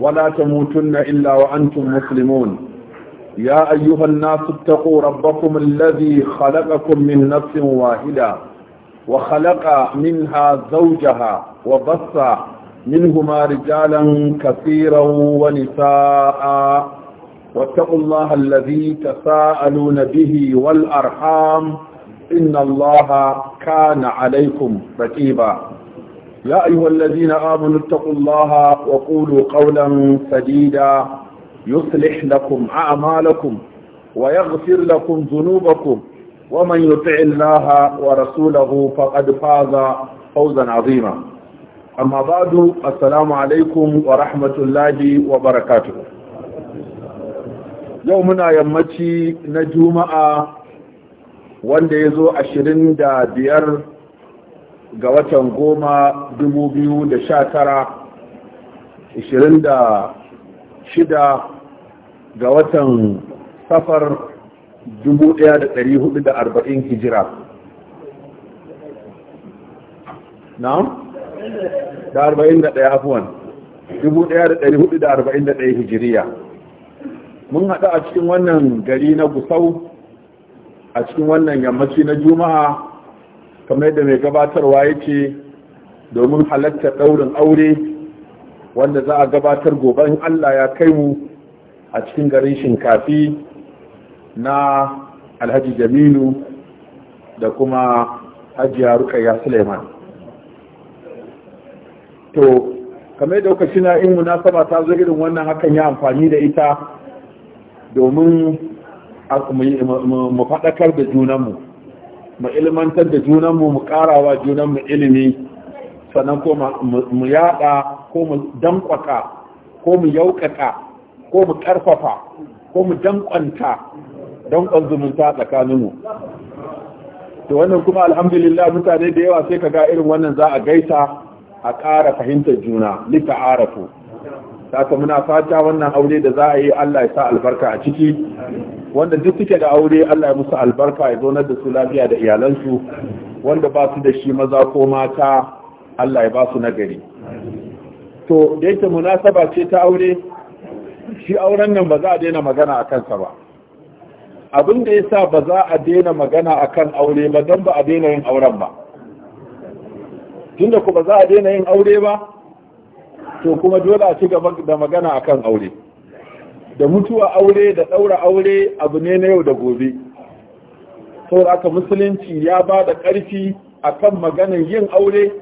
ولا تموتن إلا وأنتم مسلمون يا أيها الناس اتقوا ربكم الذي خلقكم من نفس واحدة وخلق منها زوجها وبص منهما رجالا كثيرا ونساء واتقوا الله الذي تساءلون به والأرحام إن الله كان عليكم رقيبا يا أيها الذين آمنوا اتقوا الله وقولوا قولا سديدا يصلح لكم أعمالكم ويغفر لكم ذنوبكم ومن يطع الله ورسوله فقد فاز فوزا عظيما أما بعد السلام عليكم ورحمة الله وبركاته يومنا يمتي نجوم وانديزو عشرين دا ديار ga watan goma dubu biyu da sha tara ishirin da shida ga watan safar dubu ɗaya da dari hudu da arba'in hijira na? da arba'in da ɗaya afuwan dubu ɗaya da dari hudu da arba'in da ɗaya hijiriya mun haɗu a cikin wannan gari na gusau a cikin wannan yammaci na juma'a kamar da mai gabatarwa ya ce domin halatta ɗaurin aure wanda za a gabatar gobe in Allah ya kai mu a cikin garin shinkafi na alhaji jamilu da kuma hajiya rukaya suleiman to kamar da kashi na in munasaba ta zo irin wannan hakan ya amfani da ita domin mu faɗakar da junanmu mu ilmantar da junanmu mu karawa junanmu ilimi sannan ko mu yada ko mu dankwaka ko mu yaukaka ko mu karfafa ko mu dankwanta dankon zumunta tsakaninmu to wannan kuma alhamdulillah mutane da yawa sai ka ga irin wannan za a gaisa a ƙara fahimtar juna lita arafu haka muna fata wannan aure da za a yi Allah ya sa albarka a ciki wanda duk suke da aure Allah ya musu albarka ya zonar da su lafiya da iyalansu wanda ba su da shi maza ko mata Allah ya ba su nagari to da yake munasaba ce ta aure shi auren nan ba za a daina magana a kansa ba abin da ya sa ba za a daina magana a kan aure ba don ba a daina yin auren ba tunda ku ba za a daina yin aure ba to kuma dole a ci gaba da magana akan aure da mutuwa aure da ɗaura aure abu ne na yau da gobe saboda aka musulunci ya ba da ƙarfi akan maganar yin aure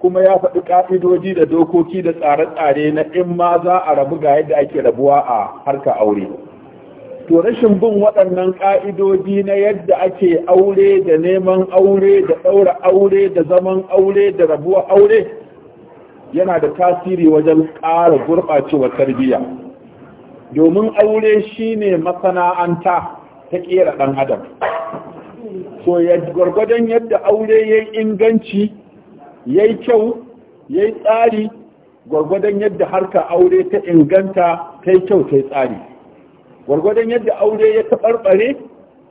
kuma ya faɗi ƙa'idoji da dokoki da tsare-tsare na in ma za a rabu ga yadda ake rabuwa a harka aure to rashin bin waɗannan ƙa'idoji na yadda ake aure da neman aure da ɗaura aure da zaman aure da rabuwa aure yana da tasiri wajen ƙara gurɓacewar tarbiyya domin aure shine masana'anta ta ƙera ɗan adam so gwargwadon yadda aure ya yi inganci ya yi kyau ya yi tsari gwargwadon yadda harka aure ta inganta ta yi kyau ta yi tsari gwargwadon yadda aure ya taɓarɓare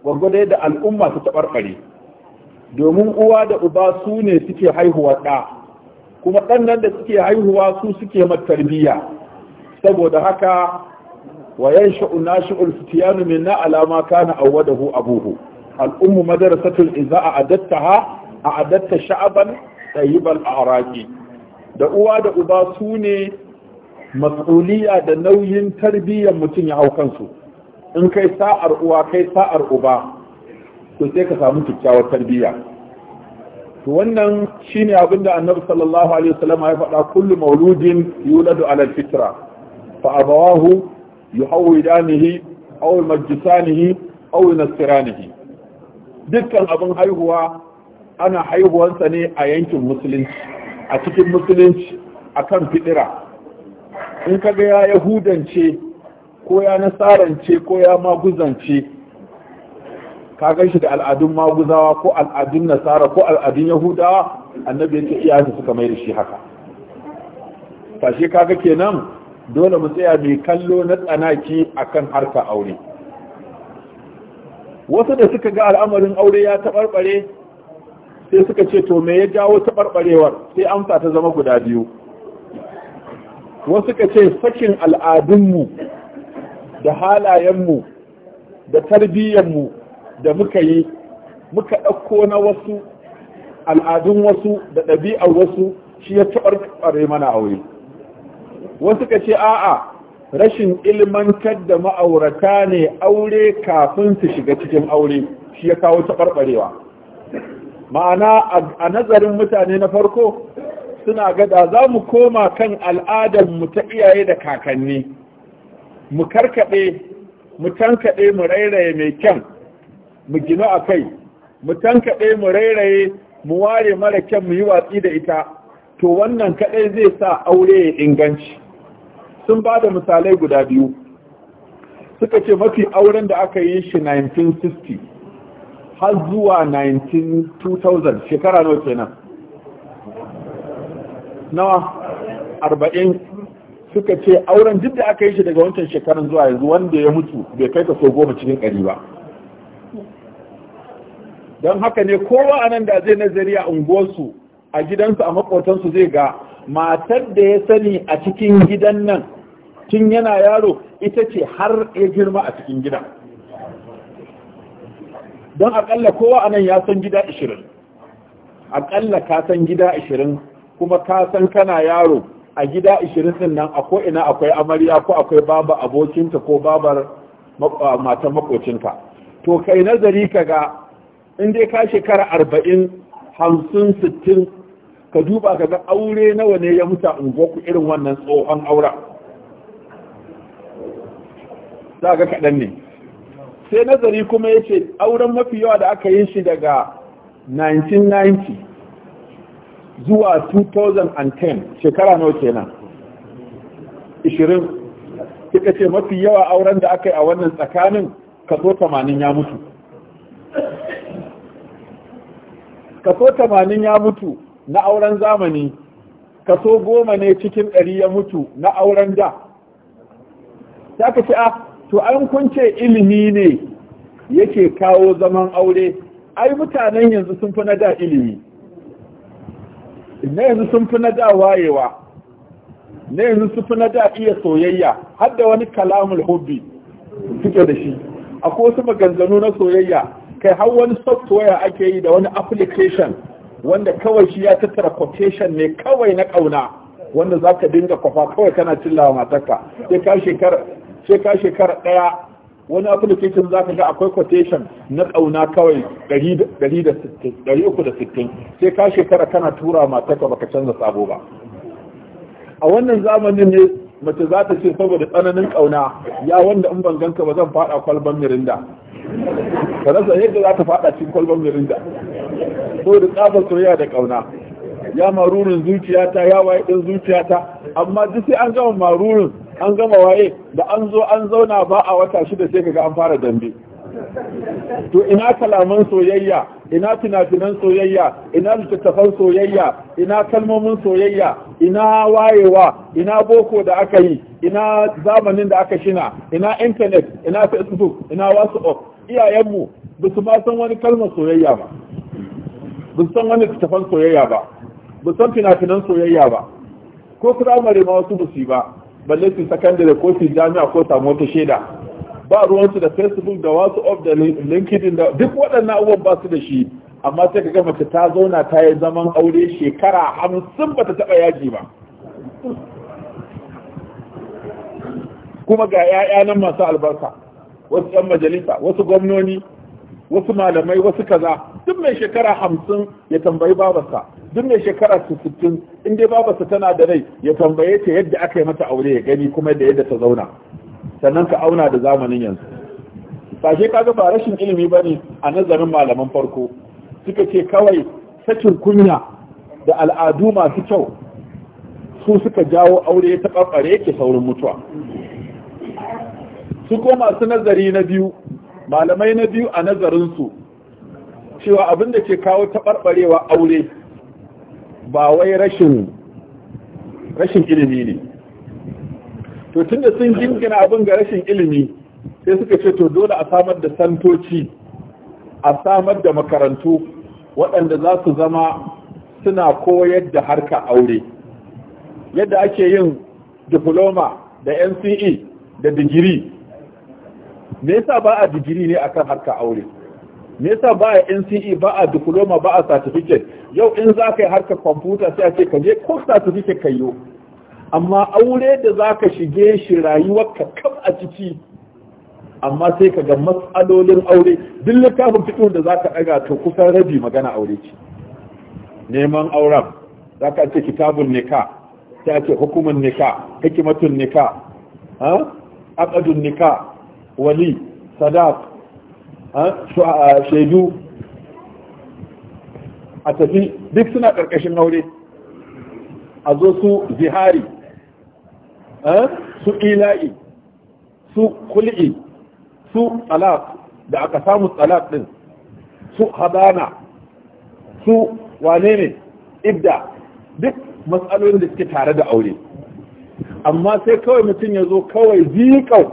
gwargwadon yadda al'umma ta taɓarɓare domin uwa da uba su ne suke haihuwa ɗa kuma ɗan da suke haihuwa su suke matarbiya saboda haka wa na nashi'ul fitiyanu min na alama kana awwadahu abuhu al'ummu madarasatul iza'a adattaha a adatta sha'aban tayyibal araki da uwa da uba su ne mas'uliya da nauyin tarbiyyar mutum ya hau kansu in kai sa'ar uwa kai sa'ar uba to sai ka samu kyakkyawar tarbiyya to wannan shine abin da annabi sallallahu alaihi wasallam ya faɗa kullu mauludin yuladu ala fitra fa abawahu yuhawidanihi aw majlisanihi aw nasiranihi dukkan abin haihuwa ana haihuwansa ne a yankin musulunci a cikin musulunci akan fiɗira. in kaga ya yahudance ko ya nasarance ko ya maguzance ka gan shi da al'adun maguzawa ko al'adun nasara ko al'adun yahudawa annabi yake iyayensa suka mai da shi haka shi kaga kenan dole mu tsaya mai kallo na tsanaki akan harka aure wasu da suka ga al'amarin aure ya taɓarɓare sai suka ce to me ya jawo taɓarɓarewar sai amsa ta zama guda biyu wasu ka ce sakin al'adunmu da halayenmu da tarbiyyar mu. da muka yi muka ɗauko na wasu al'adun wasu da ɗabi'ar wasu shi ya ƙware mana aure wasu ka ce a'a rashin ilmantar da ma'aurata ne aure kafin su shiga cikin aure shi ya kawo taɓarɓarewa ma'ana a nazarin mutane na farko suna gada za mu koma kan al'adar mu ta iyaye da kakanni mu karkaɗe mu tankaɗe mu rairaye mai kyan mu gina a kai mu tankaɗe mu rairaye mu ware mara kyan mu yi watsi da ita to wannan kaɗai zai sa aure ya inganci sun ba da misalai guda biyu suka ce mafi auren da aka yi shi 1960 har zuwa 19,000 shekara nawa kenan nawa 40 suka ce auren duk da aka yi shi daga wancan shekarun zuwa yanzu wanda ya mutu bai kai kaso goma cikin ɗari ba don haka ne kowa a nan da zai nazari a unguwarsu a gidansu a makotansu zai ga matar da ya sani a cikin gidan nan tun yana yaro ita ce har ya girma a cikin gida don akalla kowa a nan ya san gida ashirin akalla ka san gida ashirin kuma ka san kana yaro a gida ashirin din nan a ko'ina akwai amarya ko akwai baba abokinta ko babar matan makocinta to kai nazari ka ga in dai ka shekara arba'in hamsin sittin ka duba ka ga aure nawa ne ya mutu unguwarku irin wannan tsohon aura za ga kaɗan ne sai nazari kuma ya ce auren mafi yawa da aka yi shi daga 1990 zuwa 2010 shekara nawa kenan 20 kika ce mafi yawa auren da aka yi a wannan tsakanin kaso 80 ya mutu kaso tamanin ya mutu na auren zamani kaso goma ne cikin ɗari ya mutu na auren da ta ka ce a ah, to an kunce ilimi ne yake kawo zaman aure ai mutanen yanzu sun fi na da ilimi na yanzu sun fi na da wayewa na yanzu sun fi na da iya soyayya har da wani kalamul hobbi suke da shi akwai wasu maganganu na soyayya kai har wani software ake yi da wani application wanda kawai shi ya tattara quotation ne kawai na kauna wanda za ka dinga kwafa kawai kana cillawa matarka sai ka shekara ɗaya wani application za ka ga akwai quotation na ƙauna kawai 360 sai ka shekara kana tura matarka baka canza sabo ba a wannan zamanin ne mace za ta ce saboda tsananin ƙauna ya wanda in ban ganka ba zan faɗa kwalban mirinda ka rasa yadda za ta fada cikin kwalban mirinda da tsabar soyayya da kauna ya marurin ta, ya waye din ta. amma duk sai an gama marurin an gama waye da an zo an zauna ba a wata shida sai kaga an fara dambe to ina kalaman soyayya ina finafinan soyayya ina littattafan soyayya ina kalmomin soyayya ina wayewa ina boko da aka yi ina zamanin da aka shina ina intanet ina facebook ina whatsapp iyayenmu ba su ma san wani kalmar soyayya ba ba su san wani littattafan soyayya ba ba san finafinan soyayya ba ko firamare ma wasu ba su yi ba balle su sakandare ko su jami'a ko samu wata shaida ba ruwansu da facebook da wasu of da linkedin da duk waɗannan abubuwan ba su da shi amma sai ka gama ta zauna ta yi zaman aure shekara hamsin ba ta taɓa yaji ba kuma ga 'ya'ya nan masu albarka wasu 'yan majalisa wasu gwamnoni wasu malamai wasu kaza duk mai shekara hamsin ya tambayi babarsa duk mai shekara sittin in dai babarsa tana da rai ya tambaye ta yadda aka yi mata aure ya gani kuma da yadda ta zauna sannan ka auna da zamanin yanzu sashe kaga ba rashin ilimi ba ne a nazarin malaman farko suka ce kawai sakin kunya da al'adu masu kyau su suka jawo aure ta yake saurin mutuwa su ko masu nazari na biyu malamai na biyu a nazarinsu cewa abin da ke kawo taɓarɓarewa aure ba wai rashin ilimi ne to da sun jingina abin ga rashin ilimi sai suka ce to dole a samar da santoci a samar da makarantu waɗanda za su zama suna koyar da harka aure yadda ake yin diploma da nce da digiri me yasa ba a digiri ne akan harka aure me yasa ba a nce ba a diploma ba a certificate yau in za ka yi harkar kwamfuta sai a ce ka je ko certificate ka amma aure da za ka shige shi rayuwarka kam a ciki amma sai ka ga matsalolin aure duk littafin fiƙin da za ka ɗaga to kusan rabi magana aure ce neman auren za ka ce kitabun nika ta ce hukumin nika hikimatun nika akadun nika wali sadaf shaidu a tafi duk suna ƙarƙashin aure a zo su zihari Eh? su ila'i su kul'i su talaq da aka samu talaq din su hadana su wane ne ibda duk matsalolin da suke tare da aure amma sai kawai mutum ya zo kawai zikau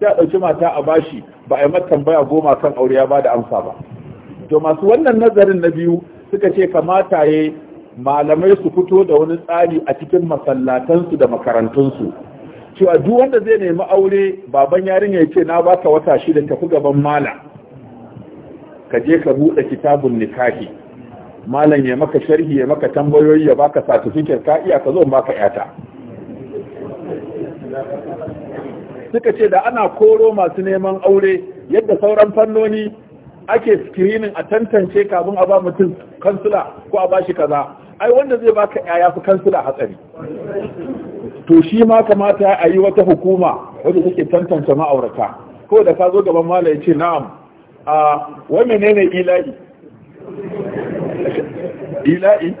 sai a ɗauki mata a bashi ba a yi tambaya goma kan aure ya ba da amsa ba to masu wannan nazarin na biyu suka ce kamata ya malamai su fito da wani tsari a cikin masallatansu da makarantunsu cewa duk wanda zai nemi aure baban yarinya ya ce na ba ka wata shida tafi gaban mala ka je ka buɗe kitabun nikahi malam ya maka sharhi ya maka tambayoyi ya baka certificate ka iya ka zo ka yata suka ce da ana koro masu neman aure yadda sauran fannoni ake screening a tantance kafin a ba mutum kansula ko a ba shi kaza ai wanda zai baka yaya fi kansula hatsari to shi ma kamata a yi wata hukuma wadda take tantance ma'aurata ko da ka zo gaban mala ya ce na'am a wai menene ila'i ila'i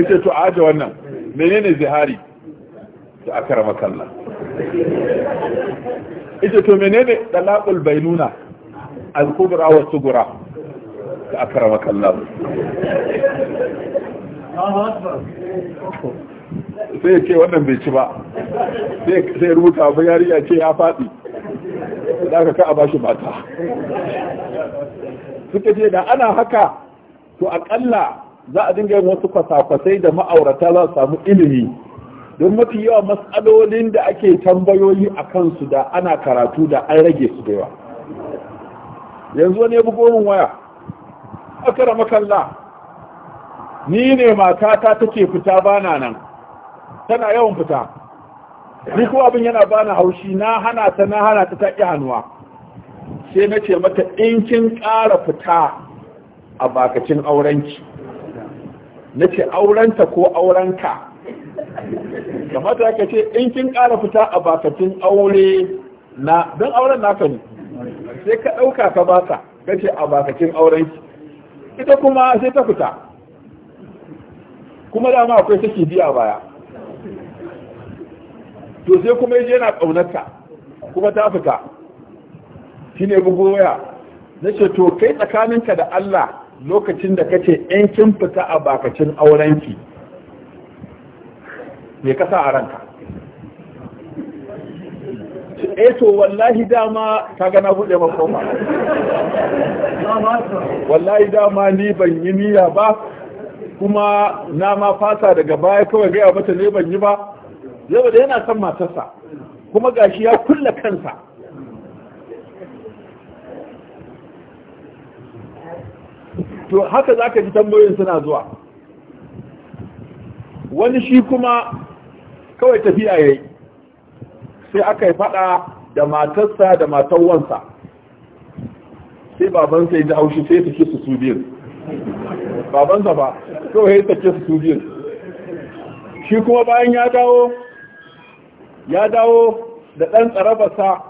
ita to aje wannan menene zihari da aka rama kalla ita to menene dalaqul bainuna al-kubra wa sugura da aka rama kalla Allahu akbar sai ya ce wannan bai ci ba sai rubuta ba, yari ya ce ya faɗi da aka ka a bashi mata suka ce da ana haka to akalla za a dinga yin wasu kwasa da ma'aurata za su samu ilimi don mafi yawa matsalolin da ake tambayoyi a kansu da ana karatu da an rage su da yawa yanzu wani ya bugo min waya akara makalla ni ne matata take fita bana nan tana yawan fita ni kuma abin yana bani haushi na hana ta na hana ta ta hannuwa sai na ce mata in kin ƙara fita a bakacin aurenki na ce aurenta ko aurenka ta ka ce in kin ƙara fita a bakacin aure na don auren naka ne sai ka ɗauka ka ba ka ce a bakacin aurenki ita kuma sai ta fita kuma dama akwai saki biya baya to sai kuma yaje yana kaunarta kuma ta fita shine bugoya waya nace to kai tsakaninka da Allah lokacin da kace yankin kin fita a bakacin aurenki me kasa a ranka eh to wallahi dama kaga na bude makoma wallahi dama ni ban yi niyya ba kuma na ma fasa daga baya kawai gaya mata ne ban yi ba yau da yana son matarsa kuma gashi ya kulla kansa to haka za ka ji tambayoyin suna zuwa wani shi kuma kawai tafiya ya yi sai aka yi fada da matarsa da matawansa sai babansa ya ji haushi sai ta ke su su biyu babansa ba kawai ya ke su su biyu shi kuma bayan ya dawo ya dawo da ɗan tsarabarsa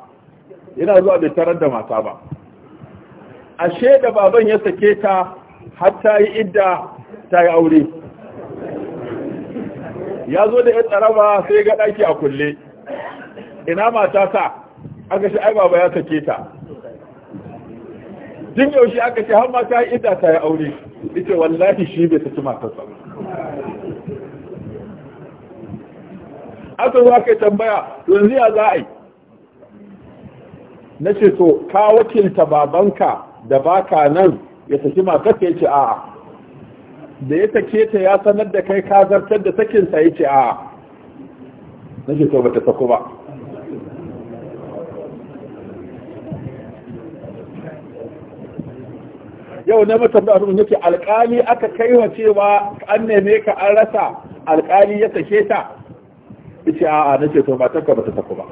yana zuwa bai tarar da mata ba ashe da baban ya sake ta har ta yi idda ta yi aure ya zo da ya tsaraba sai ga ɗaki a kulle ina mata ta aka shi ai baba ya sake ta jin yaushe aka shi, har mata yi idda ta yi aure ita wallahi shi bai saki matarsa aka zo aka tambaya to yanzu ya za a yi na ce to ka wakilta babanka da baka nan ya tafi matar ya ce a'a da ya take ta ya sanar da kai ka zartar da sakinsa ya ce a'a na ce to bata sako ba yau na da su yake alkali aka kai wa cewa an neme ka an rasa alkali ya take ta ce a'a na ce to matarka ba ta tafi ba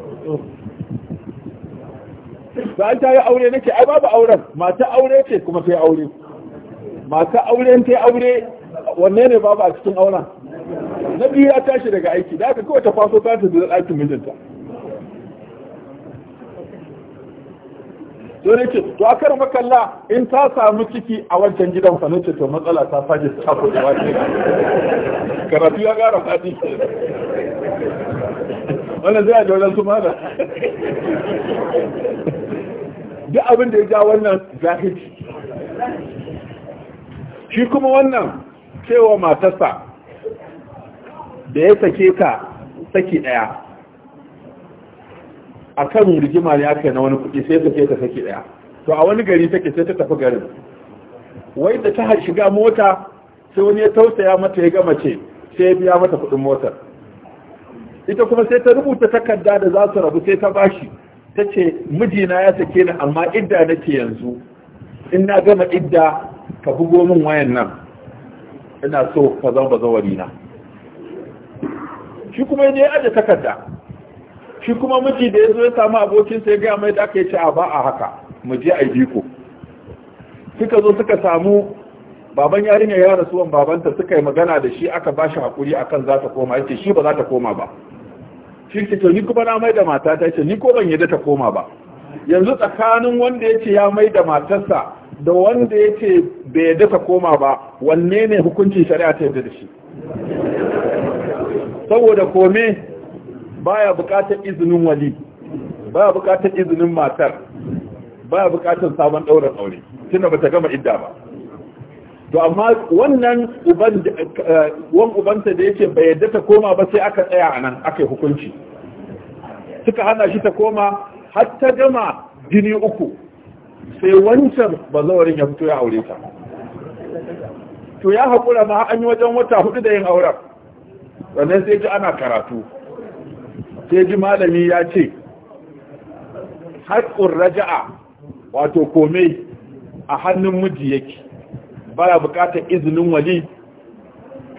an ta yi aure nake ai babu auren mata aure ce kuma ta yi aure mata aure ta yi aure wanne ne babu a cikin auren na biyu ya tashi daga aiki da aka kawai ta faso ta ta da aikin mijinta to ne ce to a makalla in ta samu ciki a wancan gidan fa ce to matsala ta fage ta kuɗi wace karatu ya gara fadi wannan zai da su mana duk abin da ya ja wannan zahiri shi kuma wannan cewa matasa da ya sake ka saki daya a kan rigima ne aka na wani kuɗi sai sake ka saki daya to a wani gari take sai ta tafi garin wai da ta shiga mota sai wani ya tausaya mata ya gama ce sai ya biya mata kuɗin motar ita kuma sai ta rubuta takarda da za su rabu sai ta bashi ta ce mijina ya sake ni amma idda nake yanzu in na gama idda ka bugo min wayan nan ina so ka zama zawari na shi kuma ya aje takarda shi kuma miji da ya zo ya samu abokin sai ga mai da aka ce a ba a haka mu je a biko suka zo suka samu baban yarinya ya rasuwan babanta suka yi magana da shi aka bashi hakuri akan za ta koma yace shi ba za ta koma ba cikin ce ni kuma na mai da mata ta ce ni ko ban yadda ta koma ba yanzu tsakanin wanda yace ya mai da matarsa da wanda yace bai yadda ta koma ba wanne ne hukuncin shari'a ta yadda da shi saboda kome baya bukatar izinin wali baya bukatar izinin matar baya bukatar sabon ɗaurin aure tunda bata gama idda ba to amma wannan uban eh, wan ubanta da yake bai yadda ta koma ba sai aka tsaya a nan aka yi hukunci suka hana shi ta koma har ta gama jini uku sai wancan bazawarin ya fito ya aure ta to ya haƙura ma an yi wajen wata hudu da yin auren sannan sai ji ana karatu sai ji malami ya ce haƙƙun raja'a wato komai a hannun miji yake baya bukatar izinin wali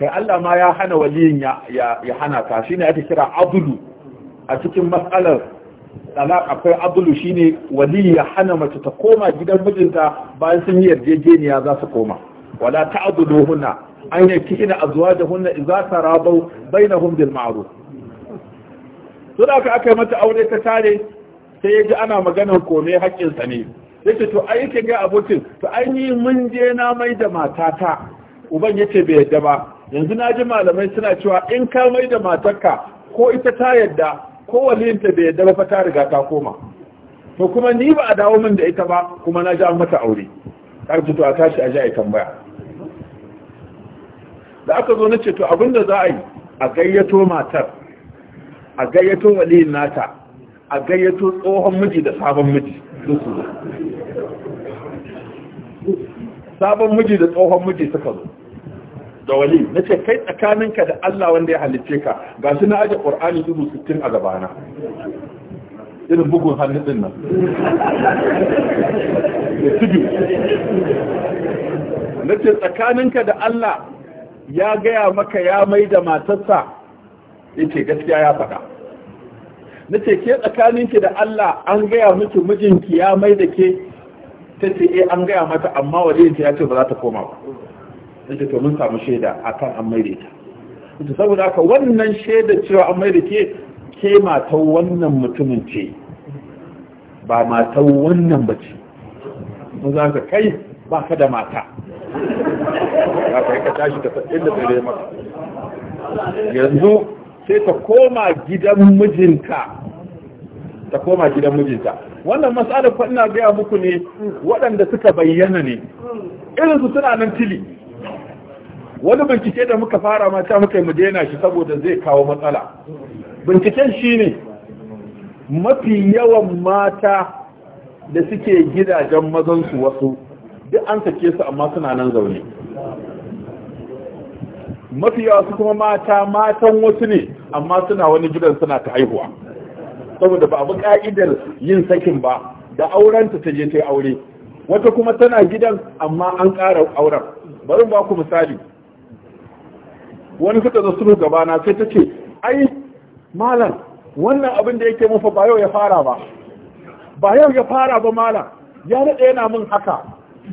kai Allah ma ya hana waliyin ya hana ka shine ake kira abulu a cikin matsalar talaq akwai abulu shine wali ya hana mace ta koma gidan mijinta bayan sun yi yarjejeniya za su koma wala ta'duluhunna an yakina hunna idza tarabu bainahum bil ma'ruf to da aka mata aure ta tare sai yaji ana maganar kome haƙƙinsa ne yace to ai yake ga abokin to an yi mun je na mai da matata uban yace bai yadda ba yanzu na ji malamai suna cewa in ka mai da matarka ko ita ta yadda ko waliyinta bai yadda ba fa ta riga ta koma to kuma ni ba a dawo min da ita ba kuma na ji an mata aure ta to a tashi a ji a tambaya da aka zo na ce to da za a yi a gayyato matar a gayyato waliyin nata a gayyato tsohon miji da sabon miji sabon miji da tsohon miji suka zo da wali na ce kai tsakaninka da Allah wanda ya halice ka ga shi na aje ƙor'ani dubu sittin a gabana irin bugun hannu ɗin nan da tudu na ce tsakaninka da Allah ya gaya maka ya mai da matarsa ya ce gaskiya ya faɗa na ce ke tsakaninki da Allah an gaya miki mijinki ya mai da ke ta ce eh an gaya mata amma waliyinta ya ce ba za ta koma ba ita to mun samu shaida a kan an maida ita ita saboda haka wannan shaida cewa an maida ke ke matan wannan mutumin ce ba matan wannan ba ce mun za ka kai ba ka da mata za ka yi ka tashi ka sa'in da tsere maka yanzu sai ta koma gidan mijinta ta koma gidan mijinta wannan matsalar fa ina gaya muku ne waɗanda suka bayyana ne irin su suna nan tili wani bincike da muka fara mata muka yi mu daina shi saboda zai kawo matsala binciken shi ne mafi yawan mata da suke gidajen mazansu wasu duk an sake su amma suna nan zaune mafi yawa su kuma mata matan wasu ne amma suna wani gidan suna ta haihuwa saboda ba abu ka'idar yin sakin ba da aurenta ta je ta aure wata kuma tana gidan amma an ƙara auren bari ba ku misali wani suka zasu sunu gabana sai ta ce ai malam wannan abin da yake fa ba yau ya fara ba ba yau ya fara ba malam ya nade yana min haka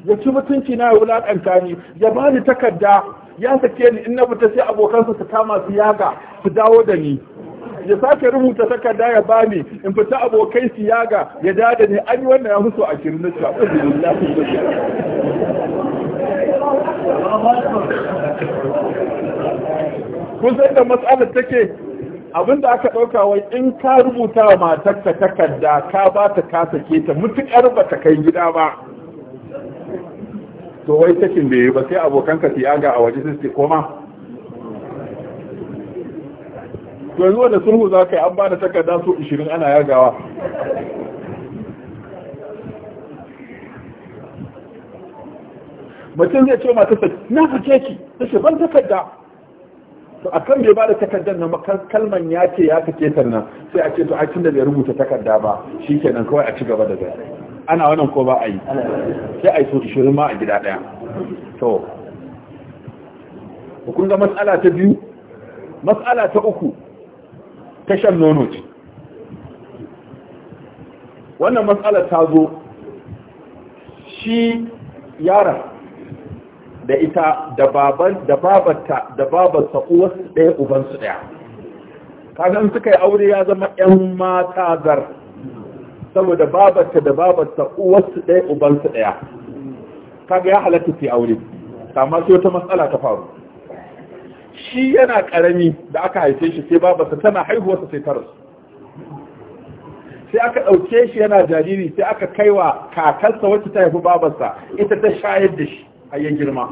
ya ci mutunci na ya wulaƙanta ni ya ba takarda ya sake ni in na fita sai abokansa su kama su yaga su dawo da ni ya sake rubuta takarda ya bani in fita abokai siyaga ya dada ne an yi wannan ya huso a kirin nasha kun san da matsalar take abinda aka ɗauka wai in ka rubuta wa matarka takarda ka ba ta ka sake ta mutuƙar ba ta kai gida ba to wai sakin bai ba sai abokanka siyaga a waje su koma to yanzu wanda sulhu za ka yi an ba da takarda so 20 ana yagawa mutum zai ce mata sa na fice ki ta ce ban takarda to a kan bai ba da takardar na kalman ya ce ya fice ta nan sai a ce to aikin da bai rubuta takarda ba shi kenan kawai a ci gaba da zai ana wannan ko ba a yi sai a yi so 20 ma a gida daya to kun ga matsala ta biyu matsala ta uku ta shan nono ce wannan matsala ta zo shi yara da ita da babarta da babarta uwarsu ɗaya ubansu ɗaya kagan suka yi aure ya zama ‘yan mata zar saboda babarta da babarta uwarsu ɗaya ubansu ɗaya kaga ya halatta fi aure kama sai wata matsala ta faru shi yana karami da aka haife shi sai babarsa tana haihuwarsa sai ta sai aka ɗauke shi yana jariri sai aka kaiwa kakarsa wacce ta haifi babarsa ita ta shayar da shi a yin girma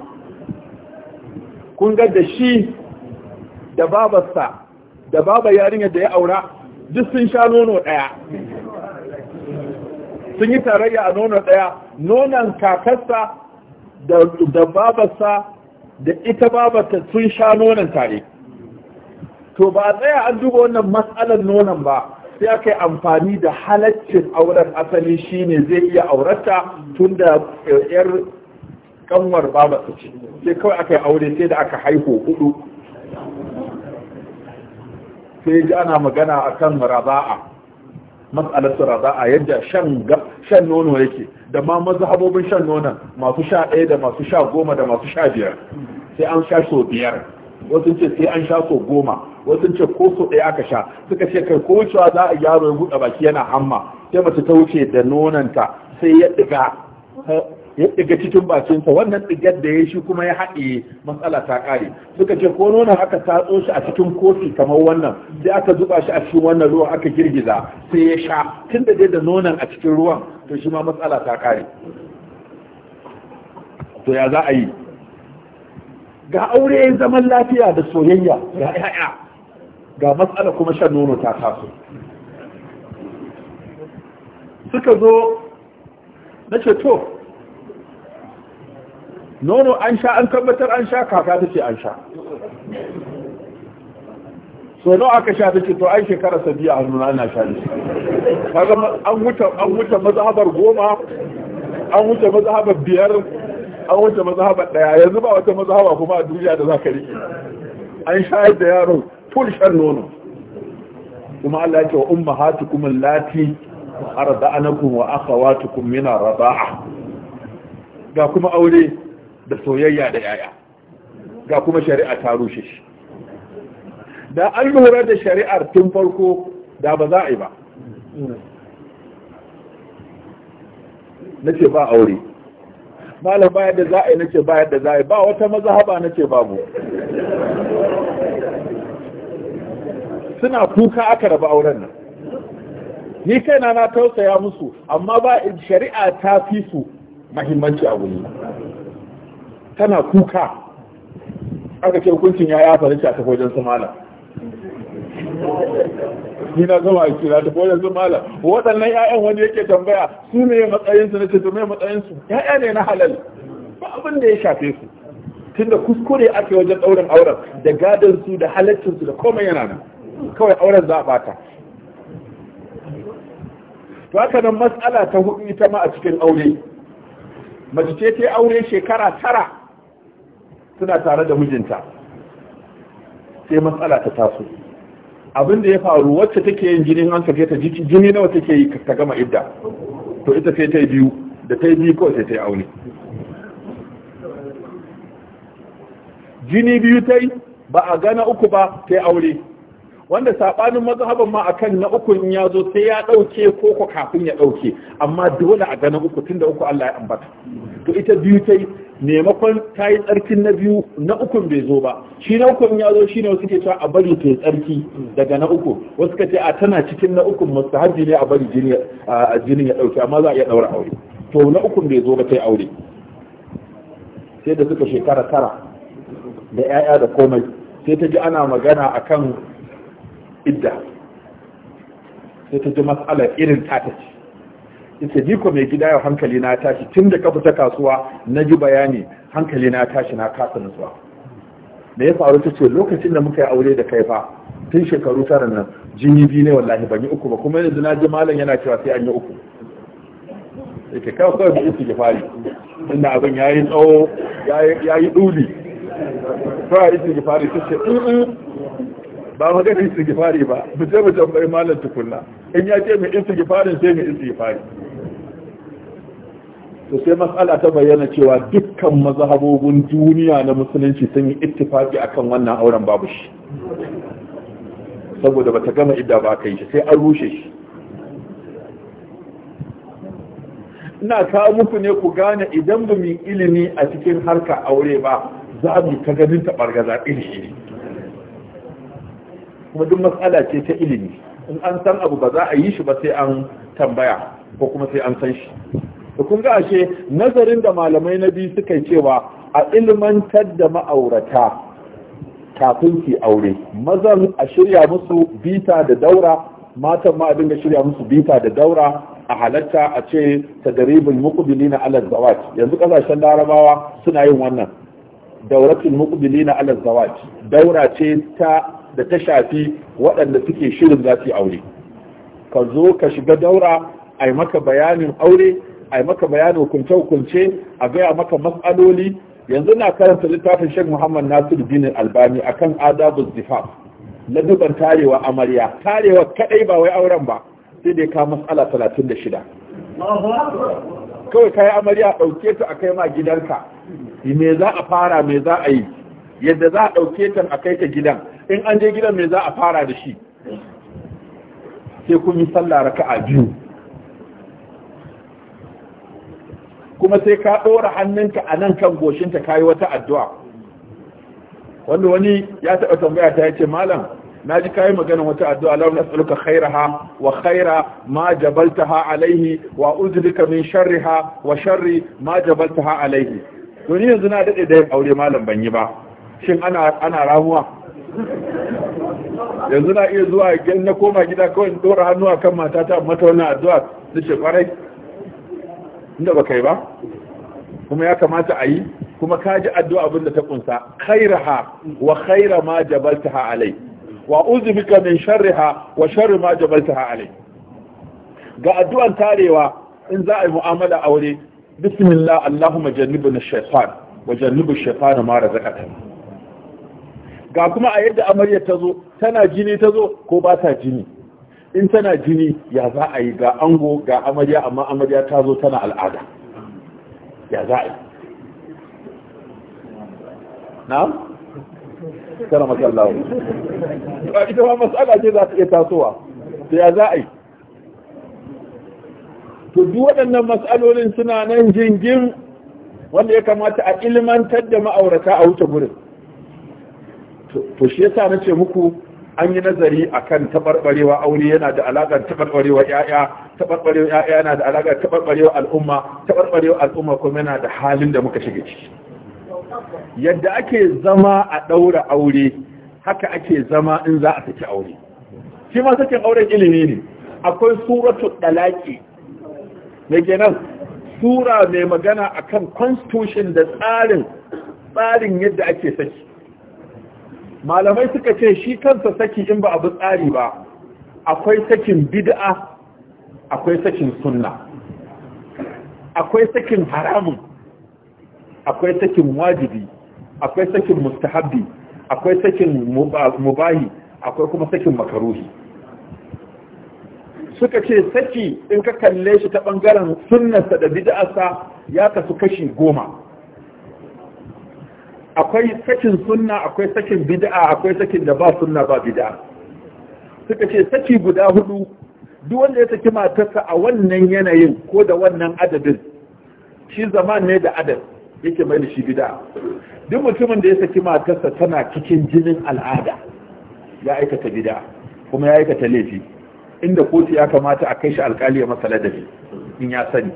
kun ga da shi da babarsa da baba yarinyar da ya aura duk sun sha nono ɗaya sun yi tarayya a nono ɗaya nonon kakarsa da babarsa da ita ba babata sun sha nonon tare to ba a tsaya an duba wannan matsalar nonon ba sai aka yi amfani da halaccin auren asali shine zai iya aurata tun da eh, yar kanwar babata ce sai kawai aka yi aure sai da aka haihu hudu sai ji ana magana akan raza'a matsalar raba'a yadda shan nono yake da ma mazhabobin shan nonon masu sha ɗaya da masu sha goma da masu sha biyar sai an sha so biyar wasu ce sai an sha so goma wasu ce ko so ɗaya aka sha suka ce kai ko wucewa za a yaro ya buɗe baki yana hamma sai mace ta wuce da nonanta sai ya ɗiga ya ɗiga cikin bakinsa wannan ɗigar da ya shi kuma ya haɗe matsala ta ƙare suka ce ko nuna aka tatso shi a cikin kofi kamar wannan sai aka zuba shi a cikin wannan ruwan aka girgiza sai ya sha tun da dai da nonon a cikin ruwan to shi ma matsala ta ƙare to ya za a yi ga aure zaman lafiya da soyayya ga ya'ya ga matsala kuma shan nono ta taso suka zo na ce to nono an sha an tabbatar an sha kaka ta ce an sha so nawa aka sha ta ce to ai shekara sabiya a nuna ana sha ne kaga an wuce an wuce mazhabar goma an wuce mazhabar biyar an wuce mazhabar daya yanzu ba wata mazhaba kuma a duniya da za ka rike an sha da yaro full shan nono kuma Allah ya ce wa ummahatukum allati arda'anakum wa akhawatukum min arda'a ga kuma aure da soyayya da yaya ga kuma shari'a ta rushe shi da an lura da shari'ar tun farko da ba za a yi ba na ce ba aure malam bayan da za a yi na ce bayan da za a yi ba wata haba na ce babu suna kuka aka raba auren nan ni kaina na tausaya musu amma ba shari'a ta fi su mahimmanci a wuri tana kuka aka ce hukuncin ya yafa da ta wajen su malam ni na zama aiki na tafi wajen sun malam waɗannan 'ya'yan wani yake tambaya su ne matsayinsu na ce to me matsayinsu 'ya'ya ne na halal ba abin da ya shafe su tunda kuskure ake wajen ɗaurin auren da gadon su da halaccin su da komai yana nan kawai auren za a bata to haka nan matsala ta hudu ita ma a cikin aure mace ce ta aure shekara tara suna tare da mijinta sai matsala ta taso abin da ya faru wacce take yin jini an ka ta jini nawa take yi ka gama idda to ita sai ta yi biyu da ta yi biyu kawai sai ta yi aure jini biyu ta yi ba a gana uku ba ta aure wanda sabanin mazhaban ma akan na uku in ya sai ya dauke ko kafin ya dauke amma dole a gane uku tunda uku Allah ya ambata to ita biyu tai nemakon ta yi tsarkin na biyu na ukun bai zo ba shi na ukun ya zo shi ne wasu ke cewa a bari tai tsarki daga na uku wasu ka a tana cikin na ukun masu ne a bari jinin ya ɗauke amma za a iya ɗaura aure to na ukun bai zo ba ta aure sai da suka shekara tara da 'ya'ya da komai sai ta ji ana magana akan idda sai ta ji matsalar irin tata ce ita ji ko mai gida yau hankali na tashi tun da kafa ta kasuwa na ji bayani hankali na tashi na kasa nutsuwa da ya faru ta ce lokacin da muka yi aure da kai fa tun shekaru tara nan jini biyu ne wallahi ban yi uku ba kuma yanzu na ji malam yana cewa sai an yi uku ita kawo kawai da isi ya fari inda abin ya yi tsawo ya yi ɗuli kawai isi ya fari ta ce ba gani istighfari ba mu sai mu tambayi malam tukunna in ya ce mu istighfarin sai mu istighfari to sai Mas'ala ta bayyana cewa dukkan mazhabobin duniya na musulunci sun yi ittifaki akan wannan auren babu shi saboda bata gama idda ba kai shi sai an rushe shi ina kawo muku ne ku gane idan ba mu ilimi a cikin harka aure ba za mu ta ganin ta bargaza ilimi iri kuma duk matsala ce ta ilimi in an san abu ba za a yi shi ba sai an tambaya ko kuma sai an san shi da kun ga ashe nazarin da malamai na biyu suka cewa a ilmantar da ma'aurata kafin ki aure mazan a shirya musu bita da daura matan ma abin da shirya musu bita da daura a halatta a ce tadaribul muqbilina ala zawaj yanzu kasashen larabawa suna yin wannan dauratul muqbilina ala zawaj daura ce ta da ta shafi waɗanda suke shirin za su yi aure ka zo ka shiga daura a yi maka bayanin aure a yi maka bayanin hukunce-hukunce a gaya maka matsaloli yanzu na karanta littafin shek muhammad nasiru dinin albani akan adabu zifaf duban tarewa amarya tarewa kaɗai ba wai auren ba sai dai ka matsala 36 kawai yi amarya dauke ta a kai ma gidanka me za a fara me za a yi yadda za a dauke ta kai ta gidan in an je gidan mai za a fara da shi sai kun yi sallah a biyu kuma sai ka ɗora hannunka a nan kan goshinta ka yi wata addu'a wanda wani ya taɓa tambaya ta yace malam na ji kayi maganin wata addu'a lau na tsaluka ha wa khaira ma ha alaihi wa uzlika min ha wa sharri ma ha alaihi to yanzu na daɗe da ya aure malam ban yi ba shin ana ana ramuwa yanzu na iya zuwa gan na koma gida kawai in dora hannu a kan matata mata wannan addu'a na ce kwarai inda ba kai ba kuma ya kamata a yi kuma ka ji addu'a abinda ta kunsa ha wa khaira ma ha alai wa uzbika min ha wa sharri ma ha alai ga addu'an tarewa in za a yi mu'amala aure bismillah allahumma jannibna shaytan wa jannibu shaytana ma razaqtana ga kuma a yadda amaryar ta zo tana jini ta zo ko ba ta jini in tana jini ya za a yi ga ango ga amarya amma amarya ta zo tana al'ada ya za a yi na? tana ba ita ma matsala ce za ta iya tasowa da ya za a yi to waɗannan matsalolin suna nan jingin wanda ya kamata a ilmantar da ma'aurata a wuce gurin to shi yasa na ce muku an yi nazari akan tabarbarewa aure yana da alaƙar tabarbarewa ƴaƴa tabarbarewa ƴaƴa yana da alaƙar tabarbarewa al'umma tabarbarewa al'umma kuma yana da halin da muka shiga ciki yadda ake zama a ɗaura aure haka ake zama in za a saki aure shi ma sakin auren ilimi ne akwai suratu dalaki me kenan sura mai magana akan constitution da tsarin tsarin yadda ake saki malamai suka ce shi kansa saki in ba abu tsari ba akwai sakin bid'a akwai sakin sunna akwai sakin haramun akwai sakin wajibi akwai sakin mustahabbi akwai sakin mubahi akwai kuma sakin makaruhi suka ce saki in ka kalle shi ta bangaren sunnarsa da bid'arsa ya kasu kashi goma akwai sakin sunna akwai sakin bid'a akwai sakin da ba sunna ba bid'a suka ce saki guda hudu duk wanda ya saki matarsa a wannan yanayin ko da wannan adadin shi zaman ne da adad yake mai da shi bid'a duk mutumin da ya saki matarsa tana cikin jinin al'ada ya aikata bid'a kuma ya aikata laifi inda kotu ya kamata a kai shi alkali ya masa ladabi in ya sani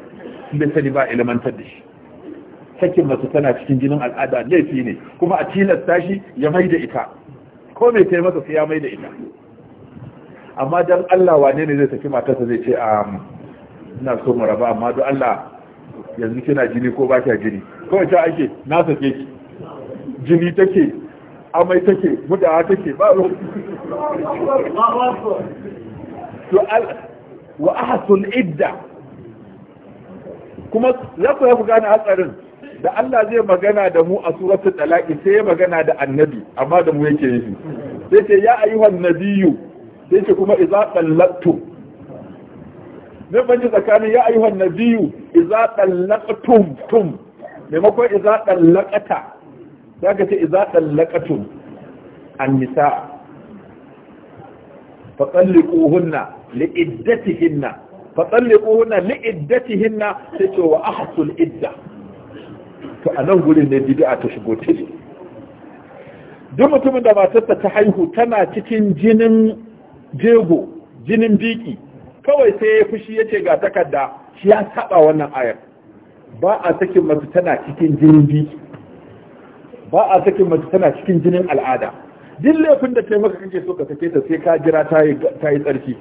in bai sani ba ilmantar da shi sakin mace tana cikin jinin al'ada laifi ne kuma a tilasta shi ya mai da ita ko mai sai masa sai ya mai da ita amma dan Allah wane ne zai saki matarsa zai ce a ina so mu raba amma don Allah yanzu kina jini ko ba kya jini kawai ta ake na sake ki jini take amai take mudawa take ba to wa ahsul idda kuma za ku gane hatsarin da Allah zai magana da mu a suratul talaqi sai ya magana da annabi amma da mu yake yi sai ce ya ayyuhan nabiyyu sai ce kuma idza tallaqtu ne banci tsakanin ya ayyuhan nabiyyu idza tallaqtum tum maimakon idza tallaqata zaka ce idza tallaqatum an-nisa fa talliquhunna li'iddatihinna fa talliquhunna li'iddatihinna sai ce wa ahsul iddah to a nan gurin ne bid'a ta shigo ciki duk mutumin da matarsa ta haihu tana cikin jinin jego jinin biki kawai sai ya fushi ya ce ga takarda shi ya saba wannan ayar ba a sakin mace tana cikin jinin biki ba a sakin mace tana cikin jinin al'ada duk laifin da taimaka maka kake so ka sake ta sai ka jira ta yi tsarki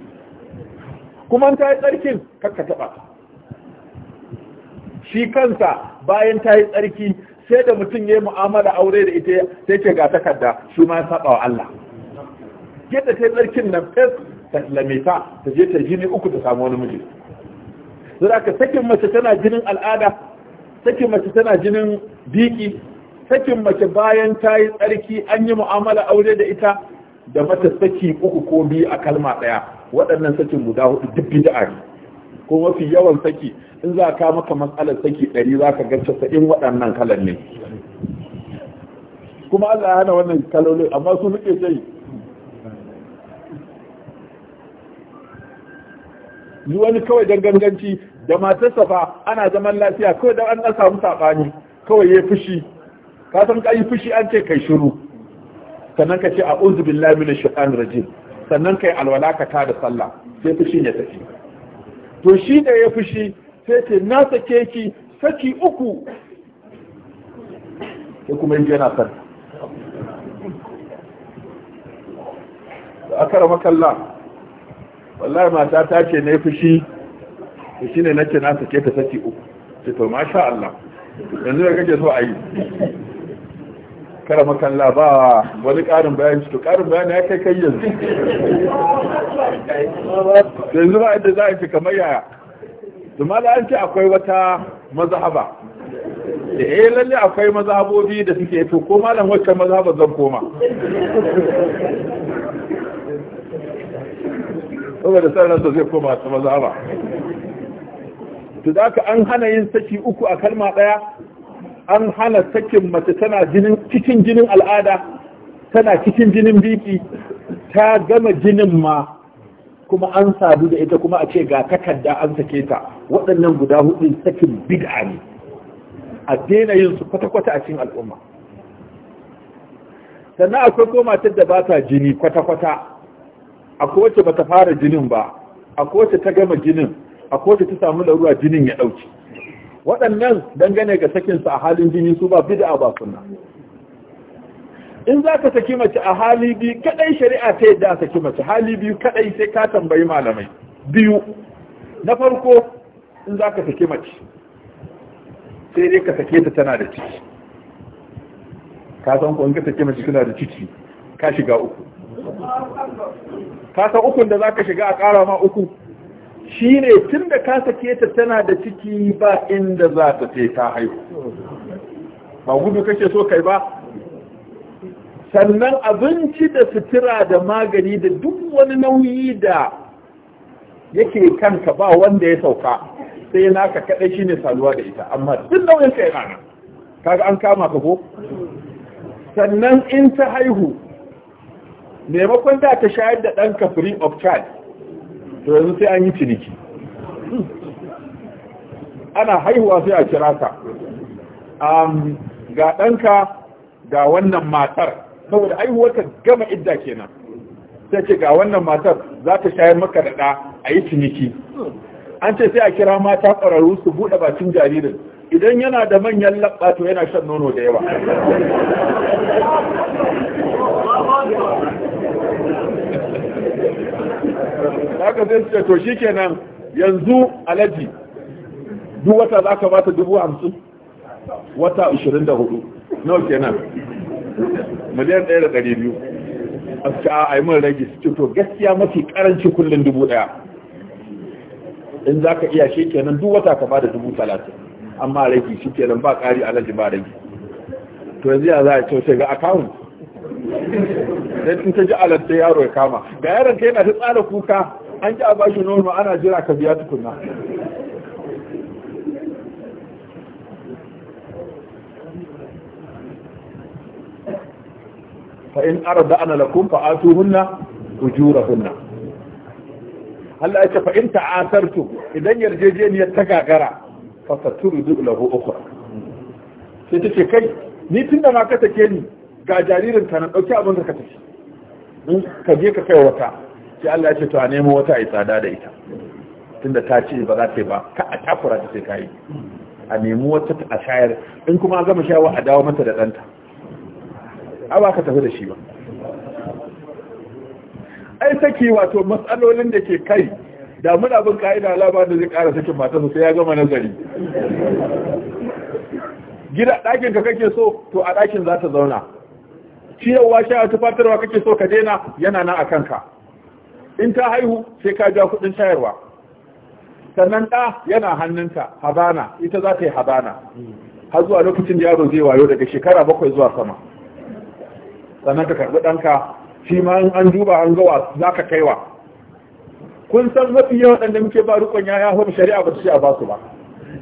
kuma ta yi tsarkin kakka taba shi kansa bayan ta yi tsarki sai da mutum ya yi mu'amala aure da ita sai ce ga takarda su ma saba wa Allah yadda ta yi tsarkin nan fes ta lamita ta je ta jini uku ta samu wani miji zura ka sakin mace tana jinin al'ada sakin mace tana jinin biki sakin mace bayan ta yi tsarki an yi mu'amala aure da ita da mata saki uku ko biyu a kalma ɗaya waɗannan sakin guda hudu duk bid'a ne ko mafi yawan saki in za ka maka matsalar saki ɗari za ka ga in waɗannan kalan ne kuma Allah ya hana wannan kalolin amma su nuke sai yi wani kawai don ganganci da matarsa fa ana zaman lafiya kawai don an samu saɓani kawai ya fushi ka san ka yi fushi an ce kai shiru sannan ka ce a uzu billahi minash shaitanir rajim sannan kai alwala ka da sallah sai fushin ya tafi to shi ne ya fushi sai ce na sake ki saki uku sai kuma yi yana san da aka rama kalla wallahi mata ta ce na ya fushi to shi ne na sake ta saki uku ce to masha Allah yanzu da kake so a yi kara makalla ba wani ƙarin shi to ƙarin bayan ya kai kai yanzu yanzu ba inda za a fi kamar yaya zuma da an ce akwai wata mazahaba da eh lalle akwai mazahabobi da suke to ko malam wacce mazahaba zan koma saboda sanarsa zai koma ta mazahaba to da an hana yin saki uku a kalma ɗaya an hana sakin mace tana cikin jinin al'ada tana cikin jinin biki ta gama jinin ma kuma an sadu da ita kuma a ce ga takarda an sake ta waɗannan guda hudu sakin bid'a ne a daina yin su kwata-kwata a cikin al'umma sannan akwai ko matar da ba ta jini kwata-kwata akwai wacce ba ta fara jinin ba akwai wacce ta gama jinin a wacce ta samu larura jinin ya ɗauki waɗannan dangane ga sakinsa a halin jini su ba bid'a ba suna in za ka saki mace a hali biyu kadai shari'a ta yadda a saki mace hali biyu kadai sai ka tambayi malamai biyu na farko in za ka saki mace sai dai ka sake ta tana da ciki ka san ko in ka saki mace tana da ciki ka shiga uku ka san ukun da za ka shiga a ƙara ma uku shi ne tun da ka sake ta tana da ciki ba inda za ta ce ta haihu ba gudu kake so kai ba sannan abinci da sutura da magani da duk wani nauyi da yake kanka ba wanda ya sauka sai naka kaɗai shi ne saluwa da ita amma duk nauyin ka yana nan kaga an kama ka ko sannan in ta haihu maimakon da ta shayar da ɗanka free of charge to yanzu sai an yi ciniki ana haihuwa sai a kira ka ga ɗanka ga wannan matar saboda haihuwarka gama idda kenan sai ce ga wannan matar za ta shayar maka da ɗa a yi ciniki an ce sai a kira mata ƙwararru su buɗe bakin jaririn idan yana da manyan laɓa to yana shan nono da yawa haka zai ce to shikenan yanzu alaji duk wata za ka bata dubu hamsin wata ashirin da hudu nawa kenan miliyan ɗaya da ɗari biyu a ce a yi min rage su to gaskiya mafi karanci kullum dubu ɗaya in za ka iya shi kenan duk wata ka bada dubu talatin amma rage shi kenan ba kari alaji ba rage to yanzu ya za a cewa sai ga akawun sai in ta ji alat sai yaro ya kama ga yaron ka yana ta tsara kuka an ji a bashi nono ana jira ka biya tukunna fa in arada ana lakum fa atuhunna ujurahunna Allah ya ce fa in ta'asartu idan yarjejeniyar ta gagara fa saturu lahu ukhra sai ta ce kai ni tunda ma ka take ni ga jaririn ta na ɗauki abin ka tafi in ka je ka kai wata sai Allah ya ce to a nemo wata a yi tsada da ita tunda ta ce ba za ta yi ba ka a takura ta sai ka yi a nemi wata a shayar in kuma gama shawa a dawo mata da ɗanta a ba ka tafi da shi ba ai saki wato matsalolin da ke kai da mun abin ka'ida labarin da zai ƙara sakin matarsa sai ya gama nazari gida ɗakin ka kake so to a ɗakin za ta zauna ciyarwa sha tufatarwa kake so ka daina yana nan a kanka in ta haihu sai ka ja kudin shayarwa sannan ɗa yana hannunta habana ita za ta yi habana har zuwa lokacin da yaro zai wayo daga shekara bakwai zuwa sama sannan ka karɓi ɗanka shi ma an duba an gawa za ka kaiwa kun san mafi yawan ɗan muke ba rukun yaya hau shari'a ba ta ce a ba su ba